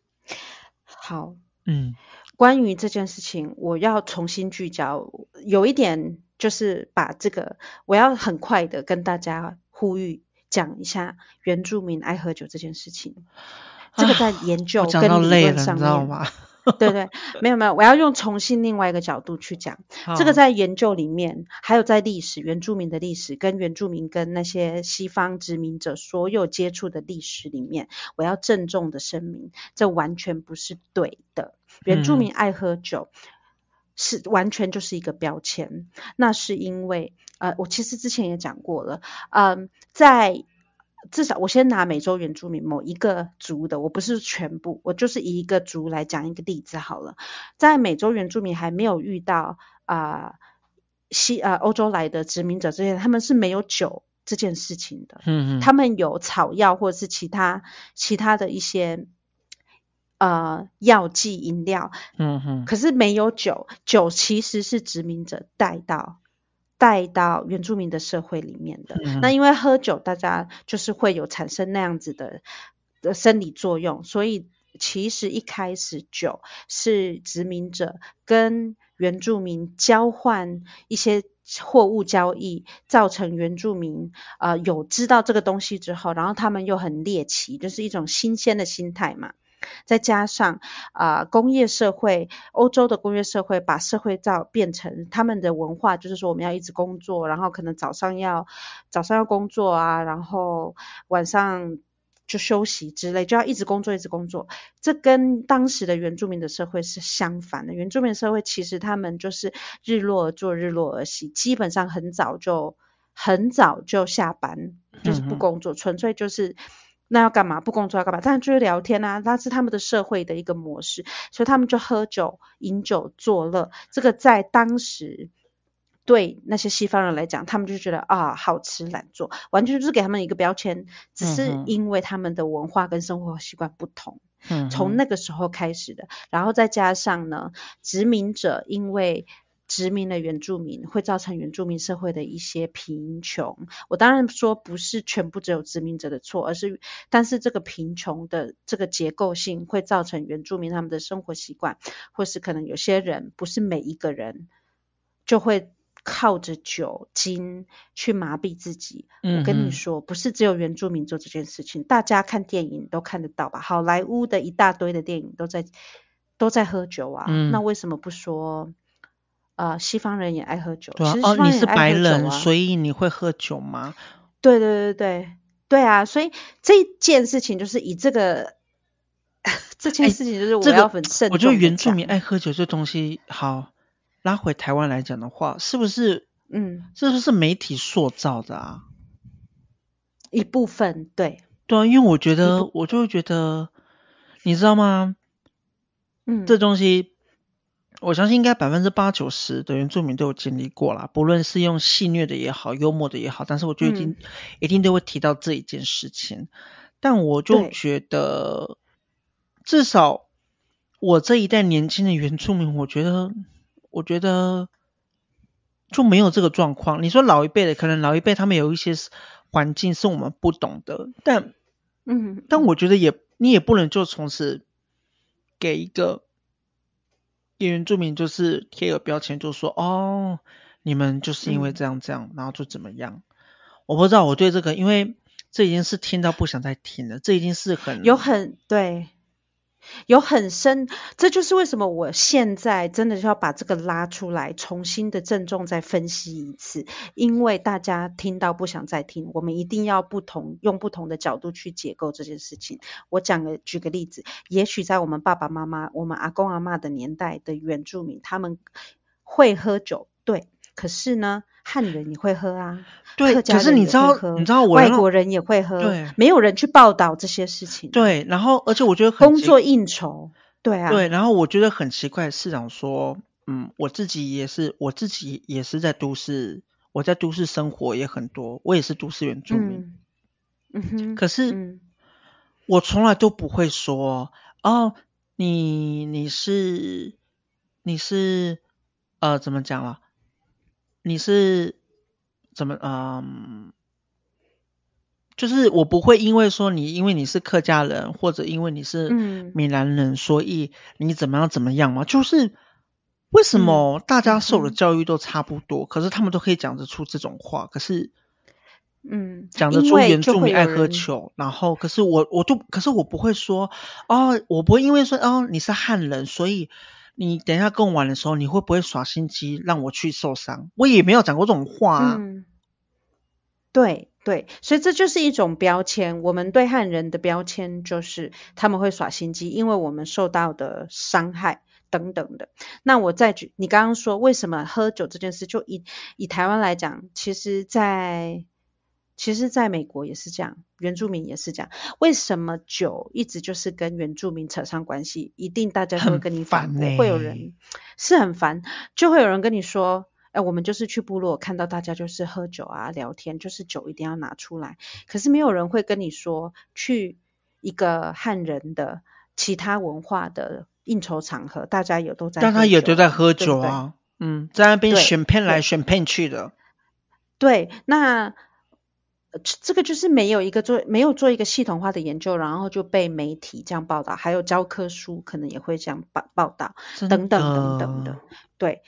好嗯。關於這件事情，我要重新聚焦。有一點就是，把這個我要很快的跟大家呼籲講一下原住民愛喝酒這件事情。啊、這個在研究跟理論上面，知道嗎 對,對對，沒有沒有，我要用重新另外一個角度去講。 這個在研究裡面，還有在歷史原住民的歷史，跟原住民跟那些西方殖民者所有接觸的歷史裡面，我要鄭重的聲明，這完全不是對的。原住民愛喝酒，嗯、是完全就是一個標籤。那是因為，呃，我其實之前也講過了，嗯、呃，在至少我先拿美洲原住民某一個族的，我不是全部，我就是以一個族來講一個例子好了。在美洲原住民還沒有遇到啊、呃、西呃歐洲來的殖民者之前，他們是沒有酒這件事情的。嗯嗯，他們有草藥或者是其他其他的一些。呃，藥劑、飲料，嗯哼，可是沒有酒。酒其實是殖民者帶到帶到原住民的社會裡面的。嗯哼。那因為喝酒，大家就是會有產生那樣子的的生理作用，所以其實一開始酒是殖民者跟原住民交換一些貨物交易，造成原住民呃有知道這個東西之後，然後他們又很獵奇，就是一種新鮮的心態嘛。再加上啊、呃，工業社會，歐洲的工業社會把社會造變成他們的文化，就是說我們要一直工作，然後可能早上要早上要工作啊，然後晚上就休息之類，就要一直工作一直工作。這跟當時的原住民的社會是相反的。原住民社會其實他們就是日落而作日落而息，基本上很早就很早就下班，就是不工作，嗯、純粹就是。那要幹嘛？不工作要幹嘛？但是就是聊天啊，那是他們的社會的一個模式，所以他們就喝酒、飲酒作樂。這個在當時對那些西方人來講，他們就覺得啊，好吃懶做，完全就是給他們一個標籤。只是因為他們的文化跟生活習慣不同，嗯、從那個時候開始的。然後再加上呢，殖民者因為。殖民的原住民會造成原住民社會的一些貧窮。我當然說不是全部只有殖民者的錯，而是但是這個貧窮的這個結構性會造成原住民他們的生活習慣，或是可能有些人不是每一個人就會靠着酒精去麻痹自己、嗯。我跟你說，不是只有原住民做這件事情，大家看電影都看得到吧？好萊塢的一大堆的電影都在都在喝酒啊、嗯，那為什麼不說？啊、呃，西方人也愛喝酒。對啊，哦，你是白人，所以你會喝酒嗎？對對對對對啊，所以這件事情就是以這個、欸、這件事情就是我要很慎重，這個。我覺得原住民愛喝酒這東西，好拉回台灣來講的話，是不是？嗯，這就是媒體塑造的啊？一部分，對。對啊，因為我覺得我就覺得，你知道嗎？嗯，這東西。我相信應該百分之八九十的原住民都有經歷過啦，不論是用戲謔的也好，幽默的也好，但是我就已經一定、嗯、一定都會提到這一件事情。但我就覺得，至少我這一代年輕的原住民，我覺得我覺得就沒有這個狀況。你說老一輩的，可能老一輩他們有一些環境是我們不懂的，但嗯，但我覺得也你也不能就從此給一個。原住民就是貼個標籤，就說哦，你們就是因為這樣這樣，嗯，然後就怎麼樣。我不知道我對這個，因為這已經是聽到不想再聽了，這已經是很，有很，對。有很深，這就是為什麼我現在真的要把這個拉出來，重新的鄭重再分析一次。因為大家聽到不想再聽，我們一定要不同，用不同的角度去解構這件事情。我講個舉個例子，也許在我們爸爸媽媽、我們阿公阿嬤的年代的原住民，他們會喝酒，對，可是呢？漢人你會喝啊？對，可是你知道，你知道我知道，外國人也會喝，對，沒有人去報道這些事情。對，然後而且我覺得很工作應酬，對啊，對，然後我覺得很奇怪。市長說，嗯，我自己也是，我自己也是在都市，我在都市生活也很多，我也是都市原住民。嗯，嗯哼，可是、嗯、我從來都不會說，哦，你你是你是呃，怎麼講了、啊？你是怎麼啊、嗯？就是我不會因為說你，因為你是客家人，或者因為你是閩南人，嗯、所以你怎麼樣怎麼樣嘛？就是為什麼大家受的教育都差不多，嗯、可是他們都可以講得出這種話，嗯、可是，嗯，講得出原住民愛喝酒，然後可是我我就可是我不會說哦，我不會因為說哦，你是漢人，所以。你等一下跟我玩的時候，你會不會耍心機讓我去受傷？我也沒有講過這種話啊。嗯，對對，所以這就是一種標籤。我們對漢人的標籤就是他們會耍心機，因為我們受到的傷害等等的。那我再舉，你剛剛說為什麼喝酒這件事，就以以台灣來講，其實在。其實，在美國也是這樣，原住民也是這樣。為什麼酒一直就是跟原住民扯上關係？一定大家都會跟你反對，欸、會有人是很煩，就會有人跟你說：“哎、呃，我們就是去部落看到大家就是喝酒啊，聊天，就是酒一定要拿出來。”可是沒有人會跟你說，去一個漢人的其他文化的應酬場合，大家也都在喝酒，但他也都在喝酒啊，嗯，在那邊選片來選片去的，對，對對那。這個就是沒有一個做沒有做一個系統化的研究，然後就被媒體這樣報道，還有教科書可能也會這樣報報道等等等等的，對，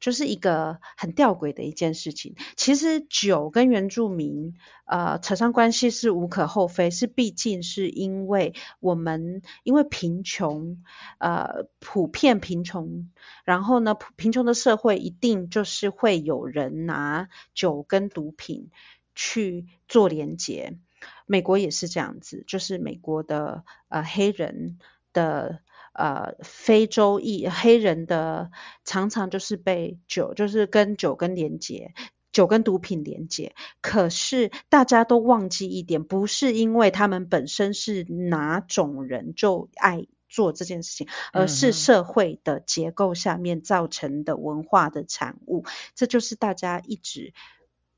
就是一個很弔詭的一件事情。其實酒跟原住民呃扯上關係是無可厚非，是畢竟是因為我們因為貧窮呃普遍貧窮，然後呢貧窮的社會一定就是會有人拿酒跟毒品去做連結，美國也是這樣子，就是美國的呃黑人的呃非洲裔黑人的常常就是被酒，就是跟酒跟連結，酒跟毒品連結。可是大家都忘記一點，不是因為他們本身是哪種人就愛做這件事情，嗯、而是社會的結構下面造成的文化的產物。這就是大家一直。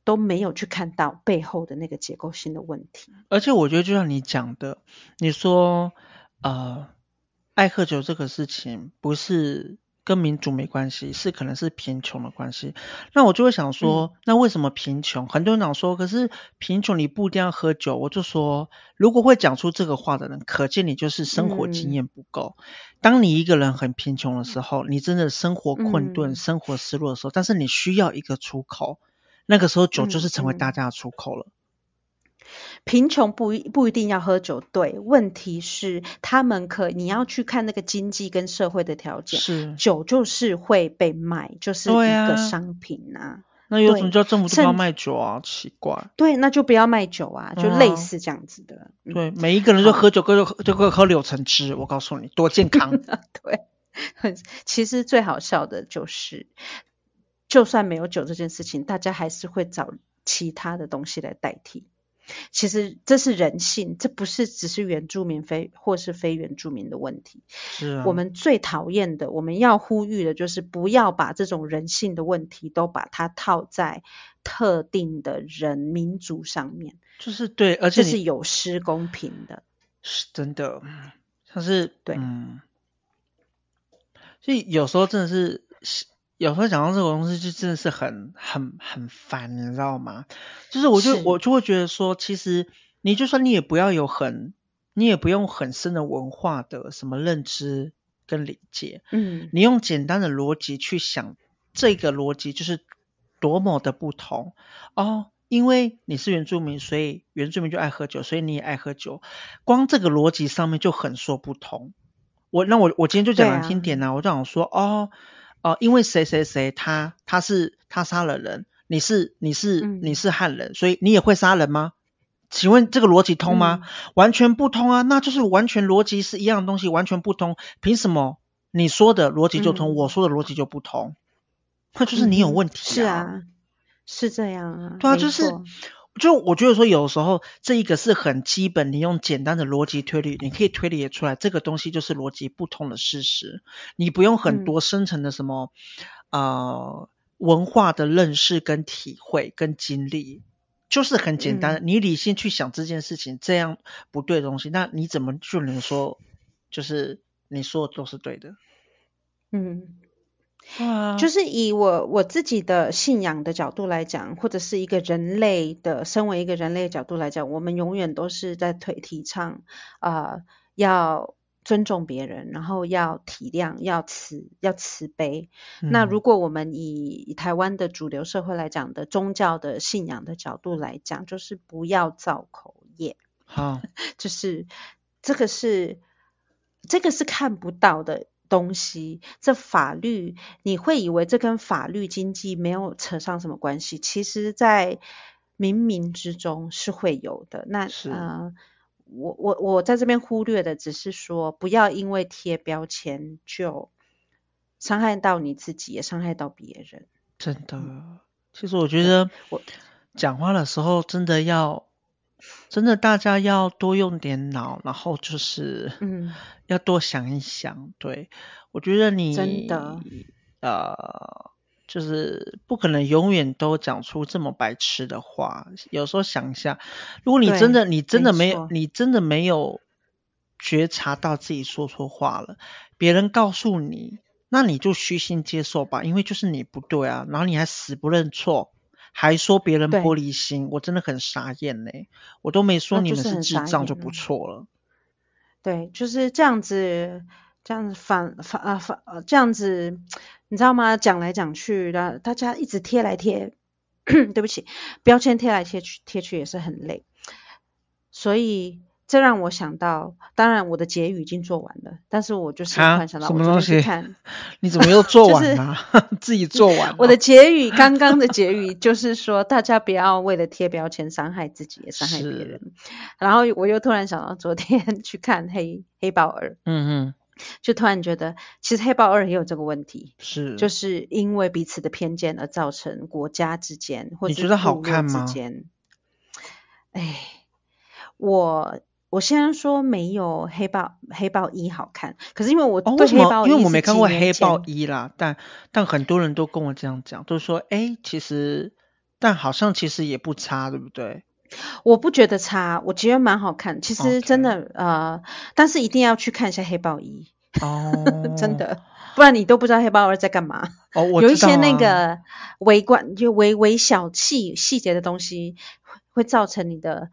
都沒有去看到背後的那個結構性的問題，而且我覺得就像你講的，你說呃愛喝酒這個事情不是跟民族沒關係，是可能是貧窮的關係。那我就會想說，那為什麼貧窮、嗯？很多人講說，可是貧窮你不一定要喝酒。我就說，如果會講出這個話的人，可見你就是生活經驗不夠、嗯。當你一個人很貧窮的時候，你真的生活困頓、嗯、生活失落的時候，但是你需要一個出口。那個時候，酒就是成為大家的出口了。貧、嗯、窮、嗯、不不一定要喝酒，對。問題是，他們可你要去看那個經濟跟社會的條件。是。酒就是會被賣，就是一個商品啊。啊那有什麼叫政府都要賣酒啊？奇怪。對，那就不要賣酒啊，就類似這樣子的。嗯啊嗯、對，每一個人就喝酒，就喝就就會喝柳橙汁。嗯、我告訴你，多健康。 對。其實最好笑的就是。就算沒有酒這件事情，大家還是會找其他的東西來代替。其實這是人性，這不是只是原住民非或是非原住民的問題。是啊。我們最討厭的，我們要呼籲的就是不要把這種人性的問題都把它套在特定的人民族上面。就是對，而且是有失公平的。是，真的。他是對，嗯。所以有時候真的是。有時候講到這個東西，就真的是很很很煩，你知道嗎？就是我就是我就會覺得說，其實你就算你也不要有很，你也不用很深的文化的什麼認知跟理解，嗯，你用簡單的邏輯去想，這個邏輯就是多麼的不同哦，因為你是原住民，所以原住民就愛喝酒，所以你也愛喝酒，光這個邏輯上面就很說不通。我那我我今天就講難聽點呢、啊啊，我就想說哦。哦、呃，因為誰誰誰他他是他殺了人，你是你是、嗯、你是漢人，所以你也會殺人嗎？請問這個邏輯通嗎、嗯？完全不通啊，那就是完全邏輯是一樣的東西，完全不通。憑什麼你說的邏輯就通、嗯，我說的邏輯就不通、嗯。那就是你有問題、啊。是啊，是這樣啊。對啊，就是。就我覺得說，有時候這一個是很基本，你用簡單的邏輯推理，你可以推理出來這個東西就是邏輯不通的事實。你不用很多深層的什麼啊、嗯呃，文化的認識跟體會跟經歷，就是很簡單、嗯，你理性去想這件事情，這樣不對的東西，那你怎麼就能說就是你說的都是對的？嗯。Wow. 就是以我我自己的信仰的角度來講，或者是一個人類的，身為一個人類的角度來講，我們永遠都是在推提倡，啊、呃、要尊重別人，然後要體諒，要慈，要慈悲。Mm. 那如果我們以，以台灣的主流社會來講的宗教的信仰的角度來講，就是不要造口業。啊、yeah. huh.， 就是這個是這個是看不到的。東西，這法律，你會以為這跟法律經濟沒有扯上什麼關係，其實，在冥冥之中是會有的。那嗯、呃，我我我在這邊忽略的，只是說，不要因為貼標籤就傷害到你自己，也傷害到別人。真的，其實我覺得，我講話的時候真的要。真的，大家要多用點腦，然後就是，嗯，要多想一想。對，我覺得你真的，呃，就是不可能永遠都講出這麼白痴的話。有時候想一下，如果你真的，你真的沒有，你真的沒有覺察到自己說錯話了，別人告訴你，那你就虛心接受吧，因為就是你不對啊，然後你還死不認錯。還說別人玻璃心，我真的很傻眼呢、欸。我都沒說你們是智障就不錯了、啊。對，就是這樣子，這樣子反反啊反呃，這樣子，你知道嗎？講來講去，的大家一直貼來貼， 對不起，標籤貼來貼去貼去也是很累，所以。這讓我想到，當然我的結語已經做完了，但是我就是突然想到去看、啊，什麼東西？你怎麼又做完了？ 就是、 自己做完了。我的結語剛剛的結語就是說， 大家不要為了貼標籤傷害自己，也傷害別人。然後我又突然想到，昨天去看黑《黑黑豹二》，嗯嗯，就突然覺得，其實《黑豹二》也有這個問題，是就是因為彼此的偏見而造成國家之間或者你覺得好看嗎之間。哎，我。我先說沒有黑《黑豹》《黑豹一》好看，可是因為我對《黑豹一、哦》因為我沒看過《黑豹一》啦，但但很多人都跟我這樣講，都說哎、欸，其實但好像其實也不差，對不對？我不覺得差，我覺得蠻好看。其實真的、okay. 呃，但是一定要去看一下《黑豹一》哦、oh. 真的，不然你都不知道《黑豹二》在幹嘛。Oh, 有一些那個微觀、啊、就微微小細細節的東西，會造成你的。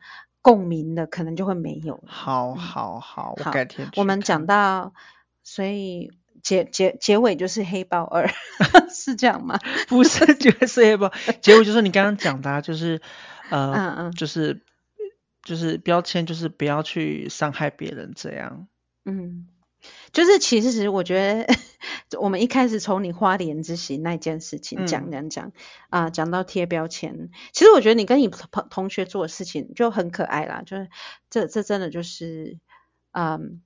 共鳴的可能就會沒有。好，好，好，好、嗯，好，我改天。我們講到，所以結結結尾就是黑豹二， 是這樣嗎？ 不是，就是黑豹。 結尾就是你剛剛講的、啊，就是呃，嗯嗯，就是就是標籤，就是不要去傷害別人這樣。嗯。就是其實，我覺得我們一開始從你花蓮之行那件事情講講講啊，講、嗯、呃、到貼標籤，其實我覺得你跟你朋同學做的事情就很可愛啦。就是這這真的就是，嗯，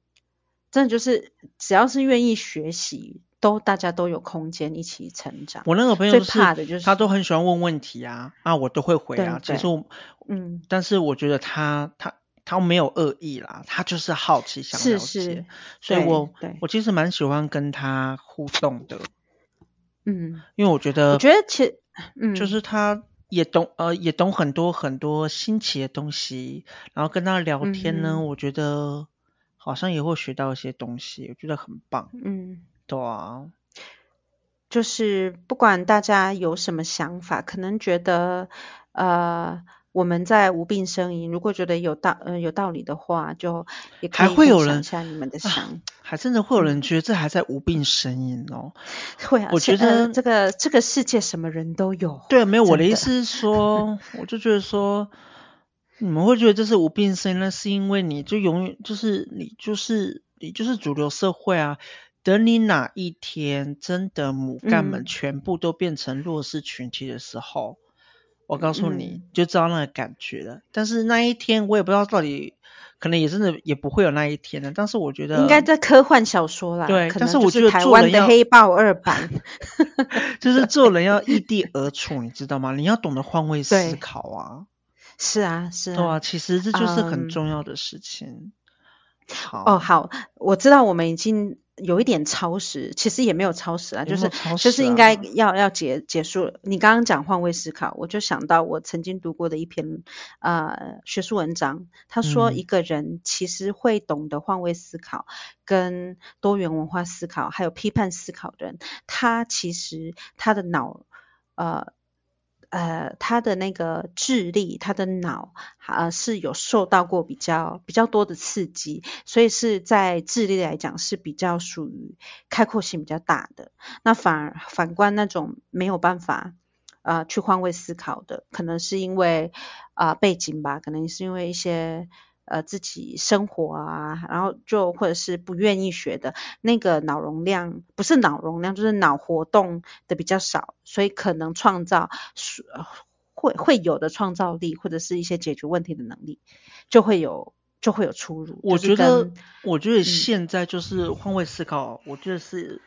真的就是只要是願意學習，都大家都有空間一起成長。我那個朋友最怕的就是他都很喜歡問問題啊，啊，我都會回啊。對對對，其實我，嗯，但是我覺得他他。他沒有惡意啦，他就是好奇想了解，是是，所以我，對對，我其實蠻喜歡跟他互動的，嗯，因為我覺得我覺得其、嗯，就是他也懂呃也懂很多很多新奇的東西，然後跟他聊天呢、嗯，我覺得好像也會學到一些東西，我覺得很棒，嗯，對啊，就是不管大家有什麼想法，可能覺得呃。我們在無病呻吟，如果覺得有道呃有道理的話，就也可以還會有人分享一下你們的想、啊，還真的會有人覺得這還在無病呻吟哦。會、嗯、啊，我覺得、呃、這個這個世界什麼人都有。對、啊，沒有的，我的意思是說，我就覺得說， 你們會覺得這是無病呻吟，那是因為你就永遠就是你就是你就是主流社會啊。等你哪一天真的母干們全部都變成弱勢群體的時候。嗯我告訴你、嗯、就知道那個感覺了，但是那一天我也不知道到底，可能也真的也不會有那一天了。但是我覺得應該在科幻小說啦。對，可就是但是我覺得台灣的《黑豹二版》 就是做人要易地而處， 你知道嗎？你要懂得換位思考啊。是啊，是啊。對啊，其實這就是很重要的事情。嗯、好，哦，好，我知道我們已經。有一點超時，其實也沒有超時啊，時啊就是就是應該要要結結束了。你剛剛講換位思考，我就想到我曾經讀過的一篇，呃，學術文章，他說一個人其實會懂得換位思考、嗯、跟多元文化思考還有批判思考的人，他其實他的腦呃。呃，他的那個智力，他的腦呃是有受到過比較比較多的刺激，所以是在智力來講是比較屬於開闊性比較大的。那反而反觀那種沒有辦法呃去換位思考的，可能是因為啊、呃、背景吧，可能是因為一些，呃，自己生活啊，然後就或者是不願意學的，那個腦容量不是腦容量，就是腦活動的比較少，所以可能創造是會會有的創造力，或者是一些解決問題的能力，就會有就會有出入。我覺得、就是，我覺得現在就是換位思考，嗯、我覺得是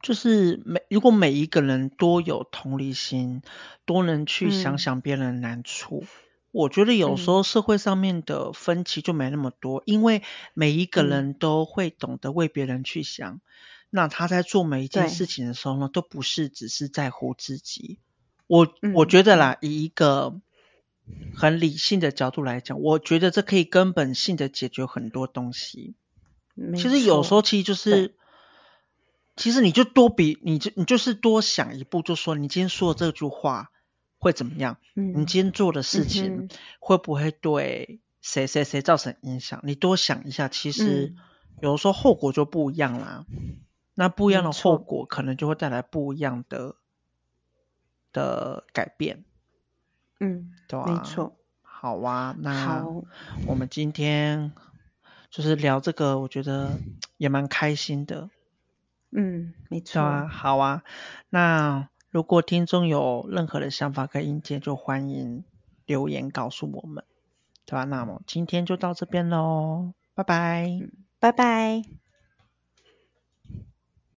就是每如果每一個人都有同理心，都能去想想別人的難處。嗯我覺得有時候社會上面的分歧就沒那麼多，嗯、因為每一個人都會懂得為別人去想、嗯。那他在做每一件事情的時候呢，都不是只是在乎自己。我、嗯、我覺得啦，以一個很理性的角度來講，我覺得這可以根本性的解決很多東西。其實有時候其實就是，其實你就多比，你就你就是多想一步，就說你今天說的這句話。會怎麼樣？嗯，你今天做的事情會不會對誰誰誰造成影響？嗯，你多想一下，其實有時候後果就不一樣啦。嗯，那不一樣的後果，可能就會帶來不一樣的的改變。嗯，對啊，沒錯。好啊，那我們今天就是聊這個，我覺得也蠻開心的。嗯，沒錯。啊，好啊，那。如果聽眾有任何的想法跟意見，就歡迎留言告訴我們，對吧？那麼今天就到這邊嘍，拜拜，拜拜。嗯。拜拜。Bye bye